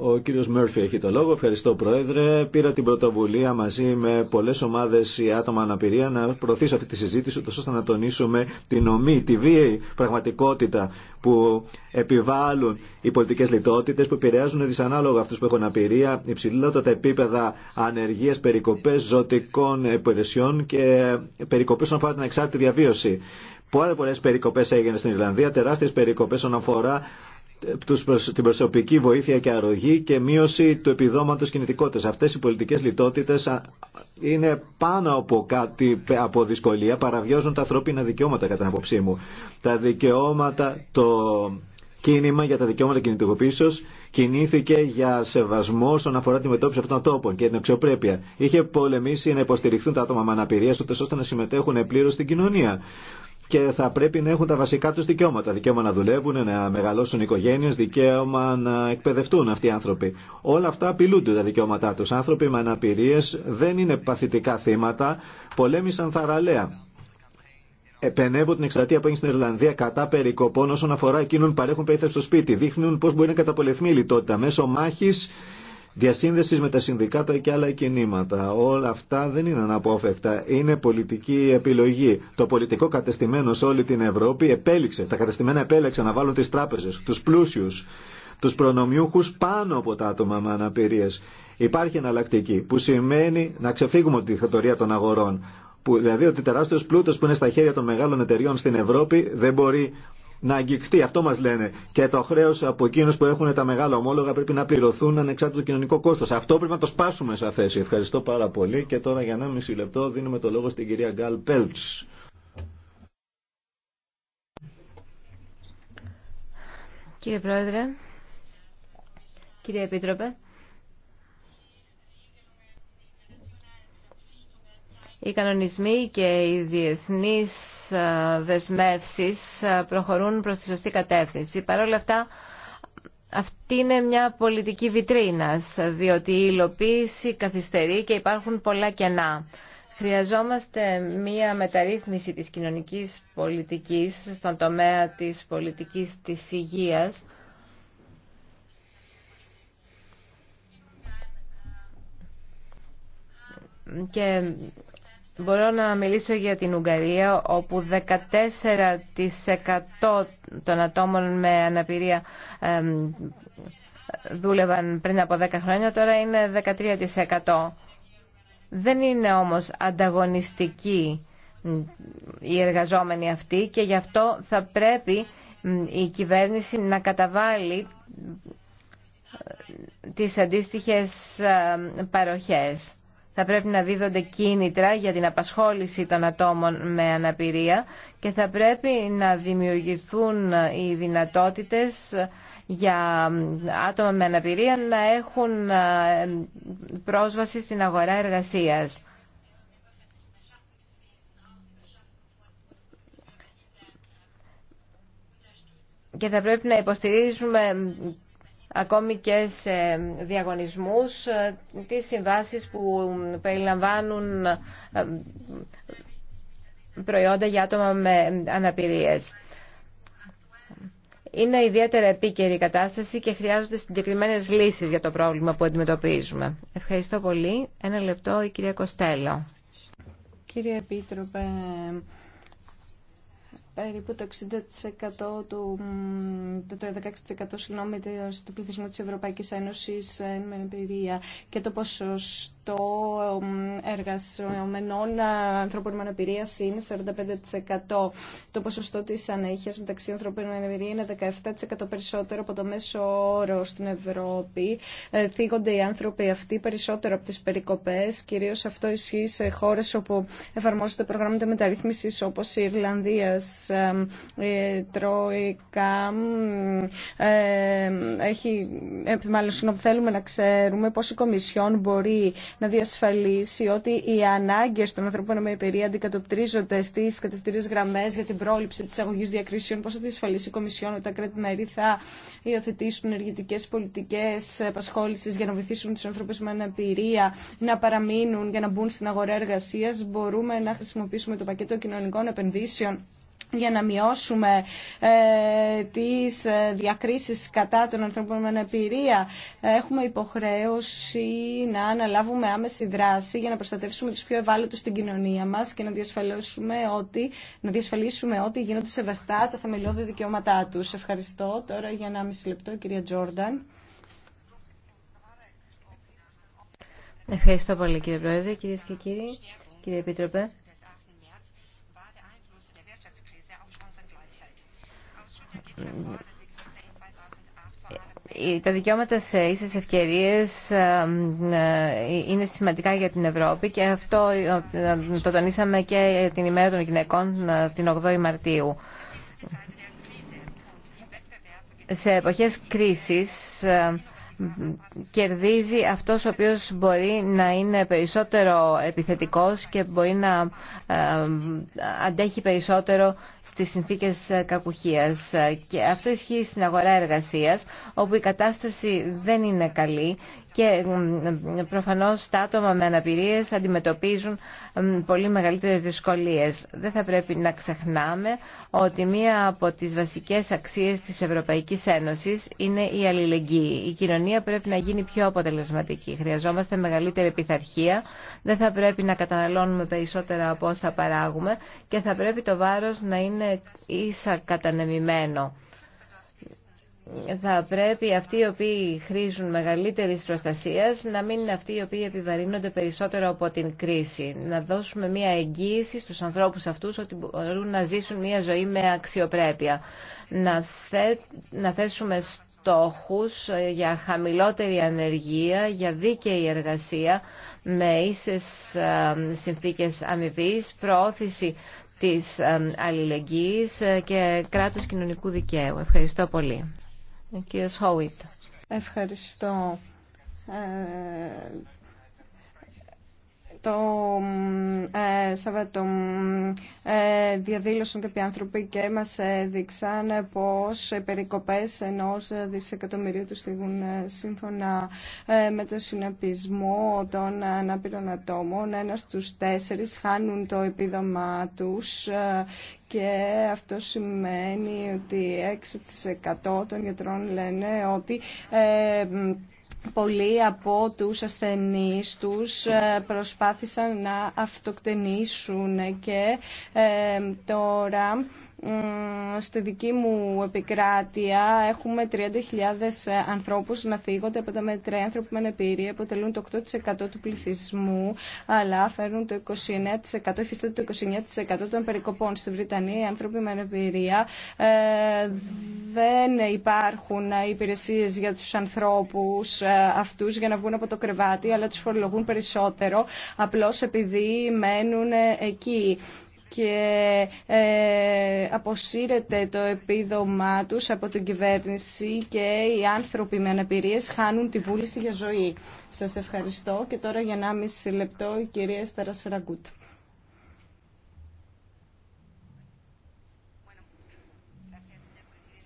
Ο κύριο Μέρφυ έχει το λόγο. Ευχαριστώ Πρόεδρε. Πήρα την πρωτοβουλία μαζί με πολλέ ομάδε ή άτομα αναπηρία να προωθήσω αυτή τη συζήτηση ώστε να τονίσουμε την ομή, τη βίαιη πραγματικότητα που επιβάλλουν οι πολιτικέ λιτότητε που επηρεάζουν δυσανάλογα αυτού που έχουν αναπηρία, υψηλότερα επίπεδα ανεργία, περικοπέ, ζωτικών υπηρεσιών και περικοπέ όσον αφορά την εξάρτητη διαβίωση. Πολλά πολλέ περικοπέ έγιναν στην Ιρλανδία, τεράστιε περικοπέ όσον αφορά την προσωπική βοήθεια και αρρωγή και μείωση του επιδόματος κινητικότητας. Αυτές οι πολιτικές λιτότητες είναι πάνω από κάτι από δυσκολία, παραβιώζουν τα ανθρώπινα δικαιώματα κατά την απόψή μου. Τα δικαιώματα, το κίνημα για τα δικαιώματα κινητικοποίησεως κινήθηκε για σεβασμό όσον αφορά τη μετώπιση αυτών των τόπων και την αξιοπρέπεια. Είχε πολεμήσει να υποστηριχθούν τα άτομα με αναπηρία, ώστε να συμμετέχουν πλήρω στην κοινωνία και θα πρέπει να έχουν τα βασικά του δικαιώματα. Δικαίωμα να δουλεύουν, να μεγαλώσουν οικογένειες, δικαίωμα να εκπαιδευτούν αυτοί οι άνθρωποι. Όλα αυτά απειλούνται τα δικαιώματά τους. Άνθρωποι με αναπηρίες δεν είναι παθητικά θύματα, πολέμησαν θαραλέα. Επενεύω την εξαρτία που έχει στην Ιρλανδία κατά περικοπών όσον αφορά εκείνων που παρέχουν περίθαλψη στο σπίτι. Δείχνουν πώ μπορεί να καταπολεθμεί η λιτότητα μέσω μάχη Διασύνδεση με τα συνδικάτα και άλλα κινήματα. Όλα αυτά δεν είναι αναπόφευκτα. Είναι πολιτική επιλογή. Το πολιτικό κατεστημένο σε όλη την Ευρώπη επέλεξε. Τα κατεστημένα επέλεξαν να βάλουν τι τράπεζε, του πλούσιου, του προνομιούχους πάνω από τα άτομα με αναπηρίε. Υπάρχει εναλλακτική που σημαίνει να ξεφύγουμε από τη δικτατορία των αγορών. Που, δηλαδή ότι τεράστιο πλούτο που είναι στα χέρια των μεγάλων εταιριών στην Ευρώπη δεν μπορεί να αγγιχτεί. Αυτό μας λένε. Και το χρέος από εκείνους που έχουν τα μεγάλα ομόλογα πρέπει να πληρωθούν ανεξάρτητο κοινωνικό κόστος. Αυτό πρέπει να το σπάσουμε σαν θέση. Ευχαριστώ πάρα πολύ. Και τώρα για 1,5 λεπτό δίνουμε το λόγο στην κυρία Γκάλ Πέλτ. Κύριε Πρόεδρε, κύριε Επίτροπε, Οι κανονισμοί και οι διεθνείς ε, δεσμεύσεις ε, προχωρούν προς τη σωστή κατεύθυνση. Παρ' όλα αυτά, αυτή είναι μια πολιτική βιτρίνας, διότι η υλοποίηση καθυστερεί και υπάρχουν πολλά κενά. Χρειαζόμαστε μία μεταρρύθμιση της κοινωνικής πολιτικής στον τομέα της πολιτικής της υγείας. Και Μπορώ να μιλήσω για την Ουγγαρία, όπου 14% των ατόμων με αναπηρία δούλευαν πριν από 10 χρόνια, τώρα είναι 13%. Δεν είναι όμως ανταγωνιστικοί οι εργαζόμενοι αυτοί και γι' αυτό θα πρέπει η κυβέρνηση να καταβάλει τις αντίστοιχες παροχές. Θα πρέπει να δίδονται κίνητρα για την απασχόληση των ατόμων με αναπηρία και θα πρέπει να δημιουργηθούν οι δυνατότητες για άτομα με αναπηρία να έχουν ε, πρόσβαση στην αγορά εργασίας. Και θα πρέπει να υποστηρίζουμε ακόμη και σε διαγωνισμούς ε, τις συμβάσεις που περιλαμβάνουν ε, προϊόντα για άτομα με αναπηρίες. Είναι ιδιαίτερα επίκαιρη η κατάσταση και χρειάζονται συγκεκριμένες λύσεις για το πρόβλημα που αντιμετωπίζουμε. Ευχαριστώ πολύ. Ένα λεπτό η κυρία Κοστέλο. Κύριε Επίτροπε, περίπου το 60% του, το 16% συγγνώμη, του πληθυσμού της Ευρωπαϊκής Ένωσης ε, με εμπειρία και το ποσοστό το εργαζομενών ε, ανθρώπων με αναπηρία είναι 45%. Το ποσοστό της ανέχειας μεταξύ ανθρώπων με αναπηρία είναι 17% περισσότερο από το μέσο όρο στην Ευρώπη. Ε, θίγονται οι άνθρωποι αυτοί περισσότερο από τις περικοπές. Κυρίως αυτό ισχύει σε χώρες όπου εφαρμόζονται προγράμματα μεταρρύθμισης όπως η Ιρλανδία, ε, η Τρόικα. Έχει, θέλουμε να ξέρουμε πώ η Κομισιόν μπορεί να διασφαλίσει ότι οι ανάγκε των ανθρώπων με εμπειρία αντικατοπτρίζονται στι κατευθυντήριε γραμμέ για την πρόληψη τη αγωγή διακρίσεων. Πώ θα διασφαλίσει η Κομισιόν ότι τα κράτη-μέρη θα υιοθετήσουν ενεργητικέ πολιτικέ απασχόληση για να βοηθήσουν του ανθρώπου με αναπηρία να παραμείνουν για να μπουν στην αγορά εργασία. Μπορούμε να χρησιμοποιήσουμε το πακέτο κοινωνικών επενδύσεων για να μειώσουμε ε, τις ε, διακρίσεις κατά των ανθρώπων με αναπηρία. Έχουμε υποχρέωση να αναλάβουμε άμεση δράση για να προστατεύσουμε τους πιο ευάλωτους στην κοινωνία μας και να διασφαλίσουμε ότι, να διασφαλίσουμε ότι γίνονται σεβαστά τα θεμελιώδη δικαιώματά τους. Ευχαριστώ. Τώρα για ένα μισή λεπτό, κυρία Τζόρνταν. Ευχαριστώ πολύ κύριε Πρόεδρε, κύριε και κύριοι, κύριε Επίτροπε. Ε, τα δικαιώματα σε ίσες ευκαιρίες ε, ε, είναι σημαντικά για την Ευρώπη και αυτό το τονίσαμε και την ημέρα των γυναικών την 8η Μαρτίου. Σε εποχές κρίσης κερδίζει αυτός ο οποίος μπορεί να είναι περισσότερο επιθετικός και μπορεί να ε, αντέχει περισσότερο στις συνθήκες ε, κακουχίας. Και αυτό ισχύει στην αγορά εργασίας, όπου η κατάσταση δεν είναι καλή και προφανώς τα άτομα με αναπηρίες αντιμετωπίζουν πολύ μεγαλύτερες δυσκολίες. Δεν θα πρέπει να ξεχνάμε ότι μία από τις βασικές αξίες της Ευρωπαϊκής Ένωσης είναι η αλληλεγγύη. Η κοινωνία πρέπει να γίνει πιο αποτελεσματική. Χρειαζόμαστε μεγαλύτερη πειθαρχία. Δεν θα πρέπει να καταναλώνουμε περισσότερα από όσα παράγουμε και θα πρέπει το βάρος να είναι ίσα κατανεμημένο θα πρέπει αυτοί οι οποίοι χρήζουν μεγαλύτερη προστασία να μην είναι αυτοί οι οποίοι επιβαρύνονται περισσότερο από την κρίση. Να δώσουμε μια εγγύηση στου ανθρώπου αυτούς ότι μπορούν να ζήσουν μια ζωή με αξιοπρέπεια. Να, να θέσουμε στόχους ε, για χαμηλότερη ανεργία, για δίκαιη εργασία με ίσε συνθήκε αμοιβή, προώθηση της ε, αλληλεγγύης ε, και κράτος κοινωνικού δικαίου. Ευχαριστώ πολύ. Ο κύριος Χόουιτ. Ευχαριστώ. Ε, το ε, Σαββατό ε, διαδήλωσαν κάποιοι άνθρωποι και μας έδειξαν πως οι περικοπές ενός δισεκατομμυρίου του στιγμούν ε, σύμφωνα ε, με το συναπισμό των αναπήρων ατόμων. Ένας στους τέσσερις χάνουν το επίδομά τους ε, και αυτό σημαίνει ότι 6% των γιατρών λένε ότι πολλοί από τους ασθενείς τους ε, προσπάθησαν να αυτοκτενήσουν και ε, τώρα στη δική μου επικράτεια έχουμε 30.000 ανθρώπους να φύγονται από τα οι Άνθρωποι με αποτελούν το 8% του πληθυσμού, αλλά φέρνουν το 29%, υφίσταται το 29% των περικοπών. Στη Βρετανία οι άνθρωποι με ε, δεν υπάρχουν υπηρεσίες για τους ανθρώπους ε, αυτούς για να βγουν από το κρεβάτι, αλλά τους φορολογούν περισσότερο, απλώς επειδή μένουν εκεί και ε, αποσύρεται το επίδομά τους από την κυβέρνηση και οι άνθρωποι με αναπηρίες χάνουν τη βούληση για ζωή. Σας ευχαριστώ και τώρα για μισή λεπτό η κυρία Σταρας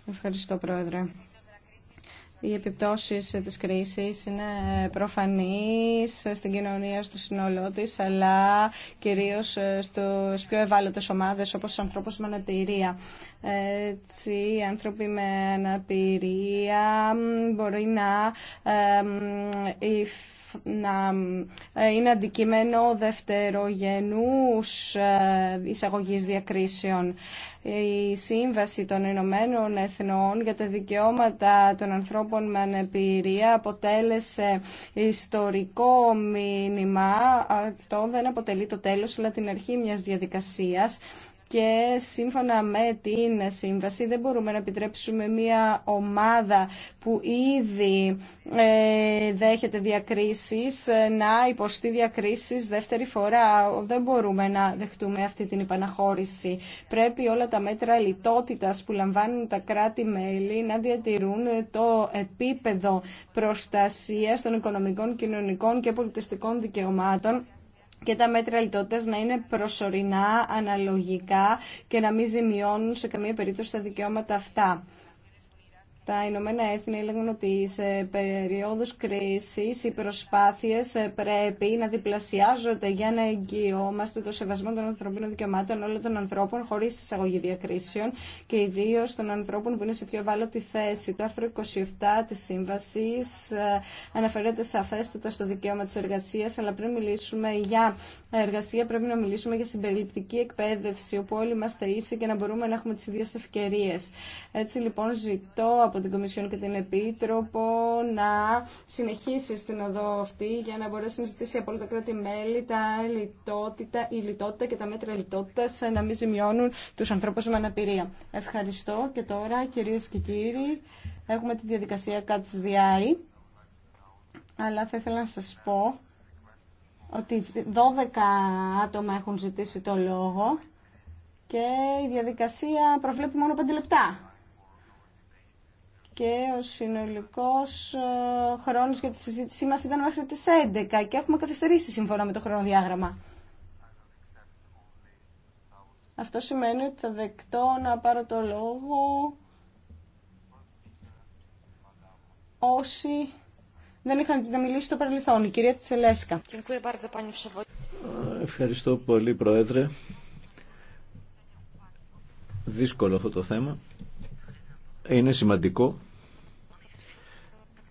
Ευχαριστώ Πρόεδρε. Οι επιπτώσεις της κρίσης είναι προφανείς στην κοινωνία στο σύνολό τη, αλλά κυρίως ε, στους πιο ευάλωτες ομάδες όπως στους ανθρώπους με αναπηρία. Έτσι, οι άνθρωποι με αναπηρία μπορεί να ε, να ε, είναι αντικείμενο δευτερογενούς ε, εισαγωγής διακρίσεων. Η Σύμβαση των Ηνωμένων Εθνών για τα Δικαιώματα των Ανθρώπων με Ανεπηρία αποτέλεσε ιστορικό μήνυμα. Αυτό δεν αποτελεί το τέλος, αλλά την αρχή μιας διαδικασίας και σύμφωνα με την σύμβαση δεν μπορούμε να επιτρέψουμε μια ομάδα που ήδη ε, δέχεται διακρίσεις ε, να υποστεί διακρίσεις δεύτερη φορά. Δεν μπορούμε να δεχτούμε αυτή την υπαναχώρηση. Πρέπει όλα τα μέτρα λιτότητας που λαμβάνουν τα κράτη-μέλη να διατηρούν το επίπεδο προστασίας των οικονομικών, κοινωνικών και πολιτιστικών δικαιωμάτων και τα μέτρα λιτότητα να είναι προσωρινά, αναλογικά και να μην ζημιώνουν σε καμία περίπτωση τα δικαιώματα αυτά τα Ηνωμένα Έθνη έλεγαν ότι σε περίοδους κρίσης οι προσπάθειες ε, πρέπει να διπλασιάζονται για να εγγυόμαστε το σεβασμό των ανθρωπίνων δικαιωμάτων όλων των ανθρώπων χωρίς εισαγωγή διακρίσεων και ιδίως των ανθρώπων που είναι σε πιο ευάλωτη θέση. Το άρθρο 27 της Σύμβασης ε, αναφέρεται σαφέστατα στο δικαίωμα της εργασίας, αλλά πριν μιλήσουμε για εργασία πρέπει να μιλήσουμε για συμπεριληπτική εκπαίδευση, όπου όλοι είμαστε ίσοι και να μπορούμε να έχουμε τις ίδιες ευκαιρίε. Έτσι λοιπόν ζητώ από την Κομισιόν και την Επίτροπο να συνεχίσει στην οδό αυτή για να μπορέσει να ζητήσει από όλα τα κράτη-μέλη τα λιτότητα, η λιτότητα και τα μέτρα λιτότητα να μην ζημιώνουν του ανθρώπου με αναπηρία. Ευχαριστώ και τώρα κυρίε και κύριοι. Έχουμε τη διαδικασία Catch τη αλλά θα ήθελα να σας πω ότι 12 άτομα έχουν ζητήσει το λόγο και η διαδικασία προβλέπει μόνο 5 λεπτά και ο συνολικός ε, χρόνος για τη συζήτησή μας ήταν μέχρι τις 11 και έχουμε καθυστερήσει σύμφωνα με το χρονοδιάγραμμα. Αυτό σημαίνει ότι θα δεκτώ να πάρω το λόγο όσοι δεν είχαν να μιλήσει στο παρελθόν. Η κυρία Τσελέσκα. Ευχαριστώ πολύ, Πρόεδρε. Δύσκολο αυτό το θέμα είναι σημαντικό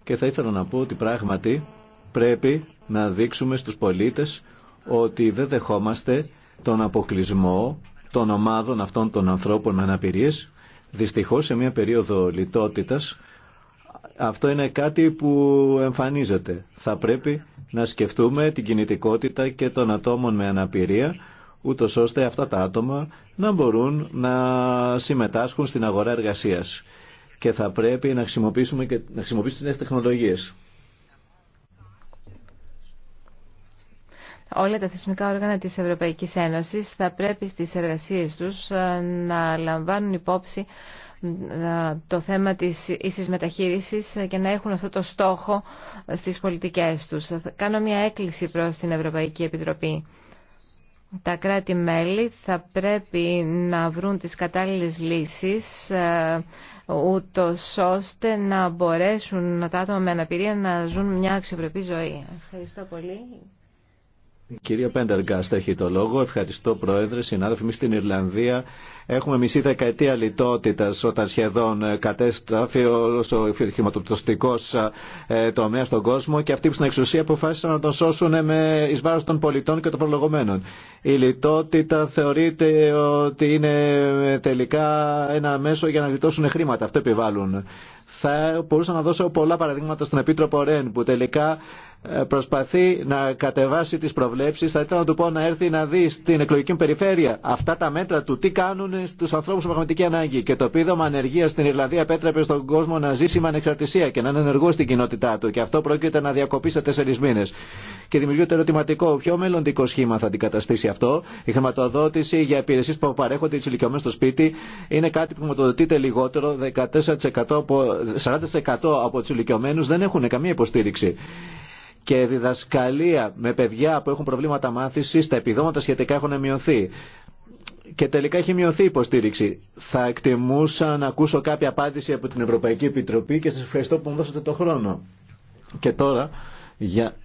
και θα ήθελα να πω ότι πράγματι πρέπει να δείξουμε στους πολίτες ότι δεν δεχόμαστε τον αποκλεισμό των ομάδων αυτών των ανθρώπων με αναπηρίες. Δυστυχώς σε μια περίοδο λιτότητας αυτό είναι κάτι που εμφανίζεται. Θα πρέπει να σκεφτούμε την κινητικότητα και των ατόμων με αναπηρία ούτω ώστε αυτά τα άτομα να μπορούν να συμμετάσχουν στην αγορά εργασίας. Και θα πρέπει να χρησιμοποιήσουμε και να χρησιμοποιήσουμε τις νέες τεχνολογίες. Όλα τα θεσμικά όργανα της Ευρωπαϊκής Ένωσης θα πρέπει στις εργασίες τους ε, να λαμβάνουν υπόψη ε, το θέμα της ίσης μεταχείρισης και να έχουν αυτό το στόχο ε, στις πολιτικές τους. Κάνω μια έκκληση προς την Ευρωπαϊκή Επιτροπή τα κράτη-μέλη θα πρέπει να βρουν τις κατάλληλες λύσεις ε, ούτω ώστε να μπορέσουν τα άτομα με αναπηρία να ζουν μια αξιοπρεπή ζωή. Ευχαριστώ πολύ. Κυρία θα έχει το λόγο. Ευχαριστώ, Πρόεδρε, συνάδελφοι. Εμεί στην Ιρλανδία έχουμε μισή δεκαετία λιτότητα όταν σχεδόν ε, κατέστραφε όλο ο χρηματοπιστωτικό ε, τομέα στον κόσμο και αυτοί που στην εξουσία αποφάσισαν να τον σώσουν με ει βάρο των πολιτών και των προλογωμένων. Η λιτότητα θεωρείται ότι είναι ε, τελικά ένα μέσο για να γλιτώσουν χρήματα. Αυτό επιβάλλουν. Θα μπορούσα να δώσω πολλά παραδείγματα στον Επίτροπο Ρεν που τελικά ε, προσπαθεί να κατεβάσει τις προβλέψεις, θα ήθελα να του πω να έρθει να δει στην εκλογική περιφέρεια αυτά τα μέτρα του τι κάνουν στους ανθρώπους με πραγματική ανάγκη. Και το πείδωμα ανεργία στην Ιρλανδία επέτρεπε στον κόσμο να ζήσει με ανεξαρτησία και να είναι ενεργό στην κοινότητά του. Και αυτό πρόκειται να διακοπεί σε τέσσερι μήνε. Και δημιουργείται ερωτηματικό, ποιο μελλοντικό σχήμα θα αντικαταστήσει αυτό. Η χρηματοδότηση για υπηρεσίε που παρέχονται οι ηλικιωμένου στο σπίτι είναι κάτι που χρηματοδοτείται λιγότερο. 14% από, 40% από του ηλικιωμένου δεν έχουν καμία υποστήριξη και διδασκαλία με παιδιά που έχουν προβλήματα μάθηση τα επιδόματα σχετικά έχουν μειωθεί. Και τελικά έχει μειωθεί η υποστήριξη. Θα εκτιμούσα να ακούσω κάποια απάντηση από την Ευρωπαϊκή Επιτροπή και σα ευχαριστώ που μου δώσατε το χρόνο. Και τώρα, για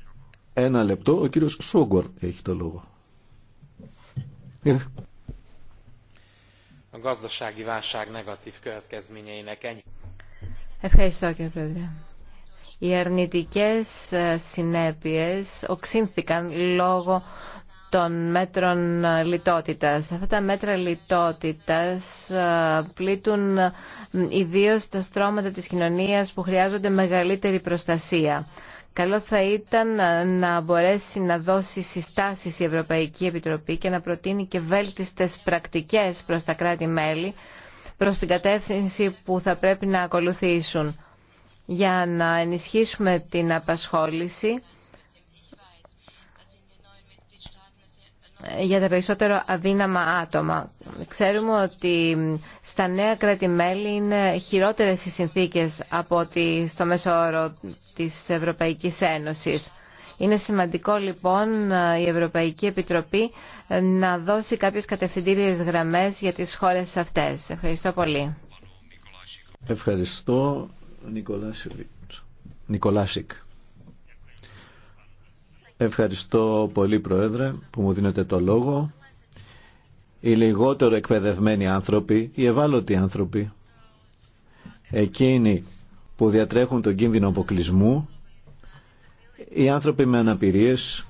ένα λεπτό, ο κύριος Σόγκορ έχει το λόγο. Ευχαριστώ κύριε Πρόεδρε. Οι αρνητικές ε, συνέπειες οξύνθηκαν λόγω των μέτρων ε, λιτότητας. Αυτά τα μέτρα λιτότητας ε, πλήττουν ιδίως τα στρώματα της κοινωνίας που χρειάζονται μεγαλύτερη προστασία. Καλό θα ήταν να μπορέσει να δώσει συστάσεις η Ευρωπαϊκή Επιτροπή και να προτείνει και βέλτιστες πρακτικές προς τα κράτη-μέλη προς την κατεύθυνση που θα πρέπει να ακολουθήσουν για να ενισχύσουμε την απασχόληση για τα περισσότερο αδύναμα άτομα. Ξέρουμε ότι στα νέα κράτη-μέλη είναι χειρότερες οι συνθήκες από ότι στο μέσο όρο της Ευρωπαϊκής Ένωσης. Είναι σημαντικό λοιπόν η Ευρωπαϊκή Επιτροπή να δώσει κάποιες κατευθυντήριες γραμμές για τις χώρες αυτές. Ευχαριστώ πολύ. Ευχαριστώ. Νικολάσικ. Ευχαριστώ πολύ Πρόεδρε που μου δίνετε το λόγο. Οι λιγότερο εκπαιδευμένοι άνθρωποι, οι ευάλωτοι άνθρωποι, εκείνοι που διατρέχουν τον κίνδυνο αποκλεισμού, οι άνθρωποι με αναπηρίες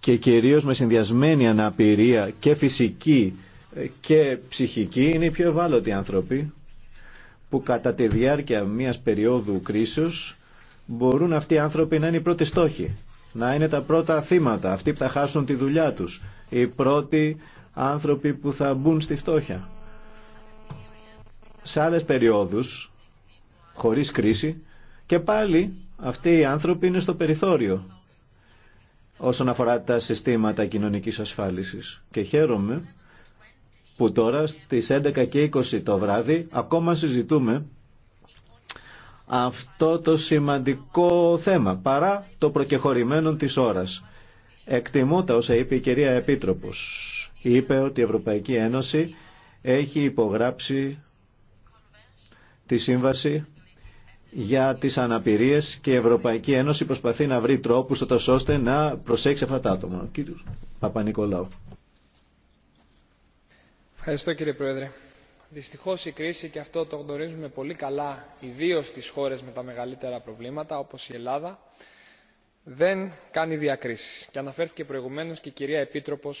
και κυρίως με συνδυασμένη αναπηρία και φυσική και ψυχική είναι οι πιο ευάλωτοι άνθρωποι που κατά τη διάρκεια μιας περίοδου κρίσεως μπορούν αυτοί οι άνθρωποι να είναι οι πρώτοι στόχοι, να είναι τα πρώτα θύματα, αυτοί που θα χάσουν τη δουλειά τους, οι πρώτοι άνθρωποι που θα μπουν στη φτώχεια. Σε άλλες περιόδους, χωρίς κρίση, και πάλι αυτοί οι άνθρωποι είναι στο περιθώριο όσον αφορά τα συστήματα κοινωνικής ασφάλισης. Και χαίρομαι που τώρα στις 11 και 20 το βράδυ ακόμα συζητούμε αυτό το σημαντικό θέμα παρά το προκεχωρημένο της ώρας. Εκτιμώ τα όσα είπε η κυρία Επίτροπος. Είπε ότι η Ευρωπαϊκή Ένωση έχει υπογράψει τη σύμβαση για τις αναπηρίες και η Ευρωπαϊκή Ένωση προσπαθεί να βρει τρόπους ώστε να προσέξει αυτά τα άτομα. Ο παπα Ευχαριστώ κύριε Πρόεδρε. Δυστυχώ η κρίση, και αυτό το γνωρίζουμε πολύ καλά, ιδίω στι χώρε με τα μεγαλύτερα προβλήματα, όπω η Ελλάδα, δεν κάνει διακρίσει. Και αναφέρθηκε προηγουμένω και η κυρία Επίτροπο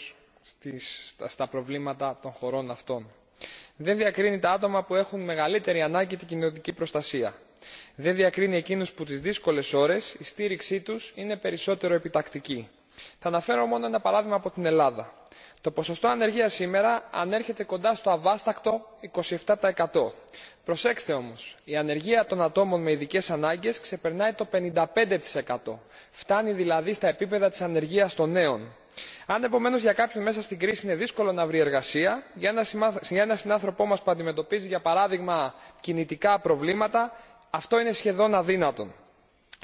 στα προβλήματα των χωρών αυτών. Δεν διακρίνει τα άτομα που έχουν μεγαλύτερη ανάγκη την κοινωνική προστασία. Δεν διακρίνει εκείνου που τι δύσκολε ώρε η στήριξή του είναι περισσότερο επιτακτική. Θα αναφέρω μόνο ένα παράδειγμα από την Ελλάδα το ποσοστό ανεργία σήμερα ανέρχεται κοντά στο αβάστακτο 27%. προσέξτε όμως η ανεργία των ατόμων με ειδικέ ανάγκες ξεπερνάει το 55% φτάνει δηλαδή στα επίπεδα της ανεργία των νέων. αν επομένω για κάποιον μέσα στην κρίση είναι δύσκολο να βρει εργασία για έναν συνάνθρωπό μας που αντιμετωπίζει για παράδειγμα κινητικά προβλήματα αυτό είναι σχεδόν αδύνατον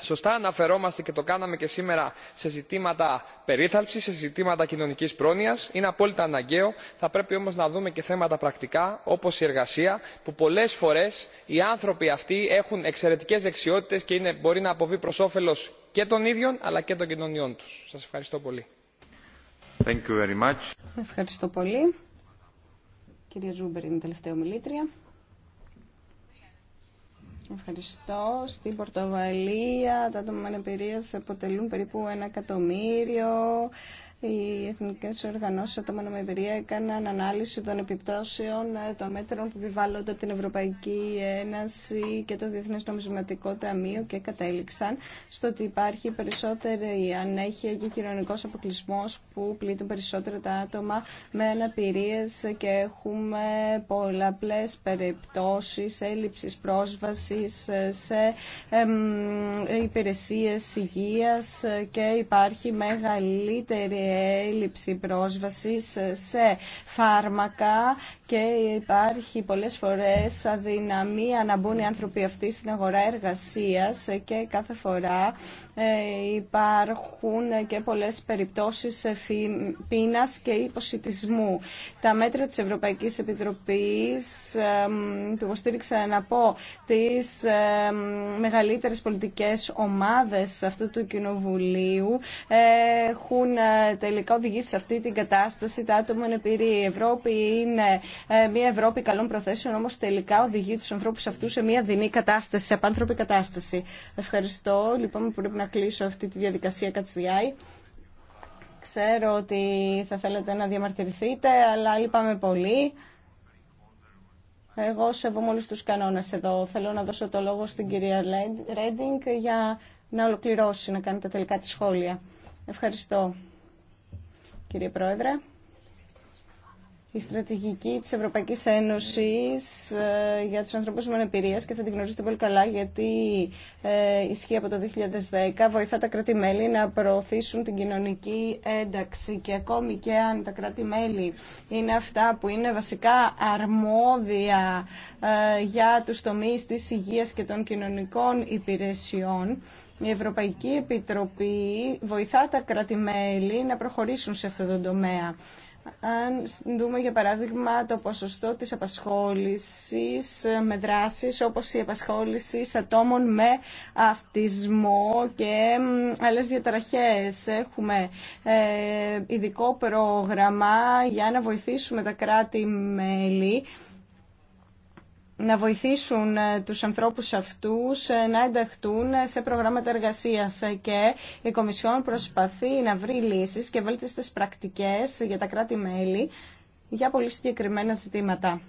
σωστά αναφερόμαστε και το κάναμε και σήμερα σε ζητήματα περίθαλψης σε ζητήματα κοινωνικής πρόνοιας είναι απόλυτα αναγκαίο θα πρέπει όμως να δούμε και θέματα πρακτικά όπως η εργασία που πολλές φορές οι άνθρωποι αυτοί έχουν εξαιρετικές δεξιότητες και μπορεί να αποβεί προς όφελος και των ίδιων αλλά και των κοινωνιών τους. Σας ευχαριστώ πολύ. Ευχαριστώ πολύ. Κυρία Τζούμπερ είναι τελευταία ομιλήτρια. Ευχαριστώ. Στην Πορτοβαλία τα άτομα με αναπηρία αποτελούν περίπου ένα εκατομμύριο οι εθνικέ οργανώσει ατόμων με εμπειρία έκαναν ανάλυση των επιπτώσεων ε, των μέτρων που επιβάλλονται από την Ευρωπαϊκή Ένωση και το Διεθνέ Νομισματικό Ταμείο και κατέληξαν στο ότι υπάρχει περισσότερη ανέχεια και κοινωνικό αποκλεισμό που πλήττουν περισσότερα τα άτομα με αναπηρίε και έχουμε πολλαπλέ περιπτώσει έλλειψη πρόσβαση σε υπηρεσίε υγεία και υπάρχει μεγαλύτερη έλλειψη πρόσβασης σε φάρμακα και υπάρχει πολλές φορές αδυναμία να μπουν οι άνθρωποι αυτοί στην αγορά εργασίας και κάθε φορά ε, υπάρχουν και πολλές περιπτώσεις ε, πείνας και υποσυτισμού. Τα μέτρα της Ευρωπαϊκής Επιτροπής που υποστήριξα να πω τις μεγαλύτερες πολιτικές ομάδες αυτού του Κοινοβουλίου έχουν ε, τελικά οδηγήσει σε αυτή την κατάσταση τα άτομα είναι πύροι. Η Ευρώπη είναι ε, μια Ευρώπη καλών προθέσεων, όμω τελικά οδηγεί του ανθρώπου αυτού σε μια δεινή κατάσταση, σε απάνθρωπη κατάσταση. Ευχαριστώ. Λοιπόν, πρέπει να κλείσω αυτή τη διαδικασία κατσδιάη. Ξέρω ότι θα θέλετε να διαμαρτυρηθείτε, αλλά λυπάμαι πολύ. Εγώ σεβόμαι όλου τους κανόνες εδώ. Θέλω να δώσω το λόγο στην κυρία Ρέντινγκ για να ολοκληρώσει, να κάνετε τελικά τη σχόλια. Ευχαριστώ κύριε Πρόεδρε η στρατηγική της Ευρωπαϊκής Ένωσης ε, για τους ανθρώπους με αναπηρία και θα την γνωρίζετε πολύ καλά γιατί ε, ισχύει από το 2010 βοηθά τα κράτη-μέλη να προωθήσουν την κοινωνική ένταξη και ακόμη και αν τα κράτη-μέλη είναι αυτά που είναι βασικά αρμόδια ε, για τους τομείς της υγείας και των κοινωνικών υπηρεσιών η Ευρωπαϊκή Επιτροπή βοηθά τα κράτη-μέλη να προχωρήσουν σε αυτό το τομέα αν δούμε για παράδειγμα το ποσοστό της απασχόλησης με δράσεις όπως η απασχόληση ατόμων με αυτισμό και άλλες διαταραχές. Έχουμε ε, ειδικό πρόγραμμα για να βοηθήσουμε τα κράτη-μέλη να βοηθήσουν ε, τους ανθρώπους αυτούς ε, να ενταχτούν σε προγράμματα εργασίας ε, και η Κομισιόν προσπαθεί να βρει λύσεις και βέλτιστες πρακτικές για τα κράτη-μέλη για πολύ συγκεκριμένα ζητήματα.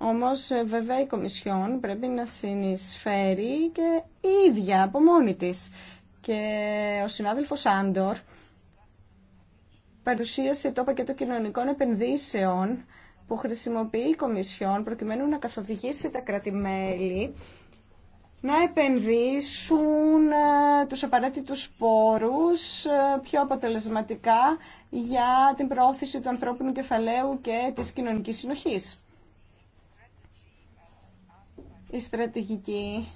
Όμως βέβαια η Κομισιόν πρέπει να συνεισφέρει και η ίδια από μόνη της. Και ο συνάδελφος Άντορ παρουσίασε το πακέτο κοινωνικών επενδύσεων που χρησιμοποιεί η Κομισιόν προκειμένου να καθοδηγήσει τα κράτη-μέλη να επενδύσουν ε, τους απαραίτητους πόρους ε, πιο αποτελεσματικά για την προώθηση του ανθρώπινου κεφαλαίου και της κοινωνικής συνοχής. Η στρατηγική,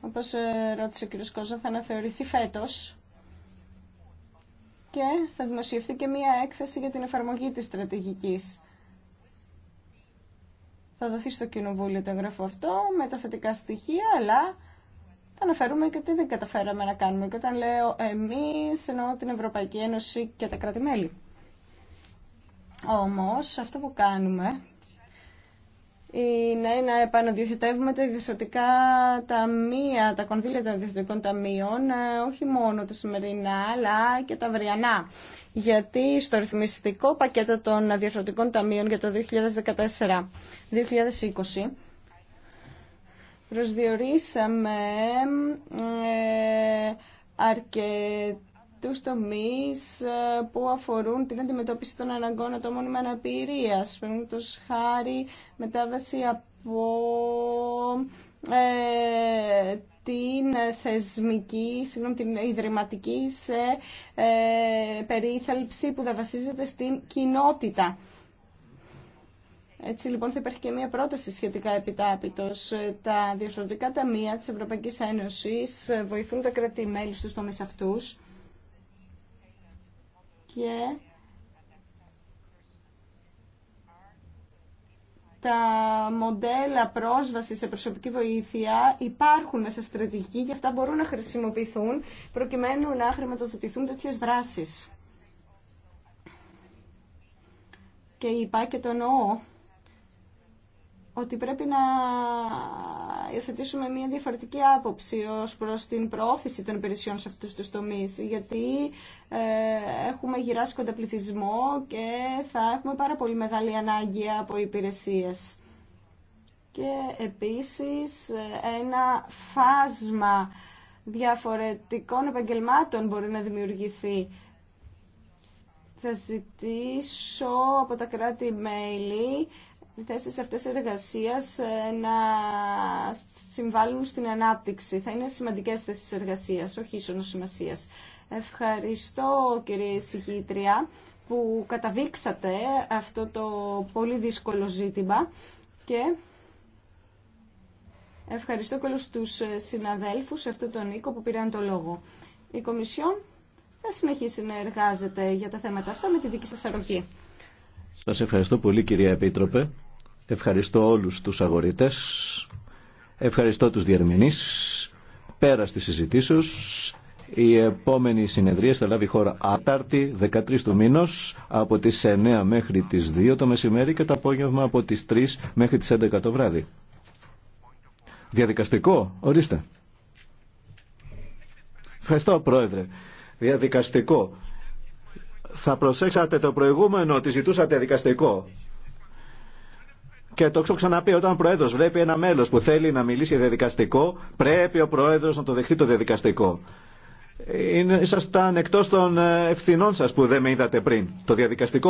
όπως ε, ρώτησε ο κ. Κόζα, θα αναθεωρηθεί φέτος και θα δημοσιευτεί και μία έκθεση για την εφαρμογή της στρατηγικής θα δοθεί στο κοινοβούλιο το εγγραφό αυτό με τα θετικά στοιχεία, αλλά θα αναφέρουμε και τι δεν καταφέραμε να κάνουμε. Και όταν λέω εμείς, εννοώ την Ευρωπαϊκή Ένωση και τα κράτη-μέλη. Όμως, αυτό που κάνουμε είναι να επαναδιοχετεύουμε τα ταμεία, τα κονδύλια των διευθυντικών ταμείων, ε, όχι μόνο τα σημερινά, αλλά και τα αυριανά. Γιατί στο ρυθμιστικό πακέτο των διαφορετικών ταμείων για το 2014-2020, προσδιορίσαμε ε, αρκετά του τομεί ε, που αφορούν την αντιμετώπιση των αναγκών ατόμων με αναπηρία. χάρι χάρη μετάβαση από ε, την θεσμική, συγγνώμη, την ιδρυματική σε ε, περίθαλψη που θα βασίζεται στην κοινότητα. Έτσι λοιπόν θα υπάρχει και μια πρόταση σχετικά επιτάπητος. Τα διαφορετικά ταμεία της Ευρωπαϊκής Ένωσης βοηθούν τα κράτη-μέλη στους τομείς και τα μοντέλα πρόσβαση σε προσωπική βοήθεια υπάρχουν μέσα στρατηγική και αυτά μπορούν να χρησιμοποιηθούν προκειμένου να χρηματοδοτηθούν τέτοιες δράσεις. Και είπα και το εννοώ ότι πρέπει να υιοθετήσουμε μια διαφορετική άποψη ως προς την προώθηση των υπηρεσιών σε αυτούς τους τομείς, γιατί ε, έχουμε γυράσκοντα πληθυσμό και θα έχουμε πάρα πολύ μεγάλη ανάγκη από υπηρεσίες. Και επίσης ε, ένα φάσμα διαφορετικών επαγγελμάτων μπορεί να δημιουργηθεί. Θα ζητήσω από τα κράτη-μέλη οι θέσεις αυτές εργασίας ε, να συμβάλλουν στην ανάπτυξη. Θα είναι σημαντικές θέσεις εργασίας, όχι ίσονος Ευχαριστώ κύριε Συγήτρια που καταδείξατε αυτό το πολύ δύσκολο ζήτημα και ευχαριστώ και όλους τους συναδέλφους σε αυτό τον Νίκο που πήραν το λόγο. Η Κομισιόν θα συνεχίσει να εργάζεται για τα θέματα αυτά με τη δική σας αρρωγή. Σας ευχαριστώ πολύ κυρία Επίτροπε. Ευχαριστώ όλους τους αγορητές. Ευχαριστώ τους διερμηνείς. Πέρα στις συζητήσεις. Η επόμενη συνεδρία θα λάβει χώρα Άταρτη, 13 του μήνος, από τις 9 μέχρι τις 2 το μεσημέρι και το απόγευμα από τις 3 μέχρι τις 11 το βράδυ. Διαδικαστικό, ορίστε. Ευχαριστώ, Πρόεδρε. Διαδικαστικό. Θα προσέξατε το προηγούμενο ότι ζητούσατε δικαστικό. Και το έχω ξαναπεί, όταν ο Πρόεδρο βλέπει ένα μέλο που θέλει να μιλήσει για διαδικαστικό, πρέπει ο Πρόεδρο να το δεχτεί το διαδικαστικό. Ήσασταν εκτό των ε, ευθυνών σα που δεν με είδατε πριν. Το διαδικαστικό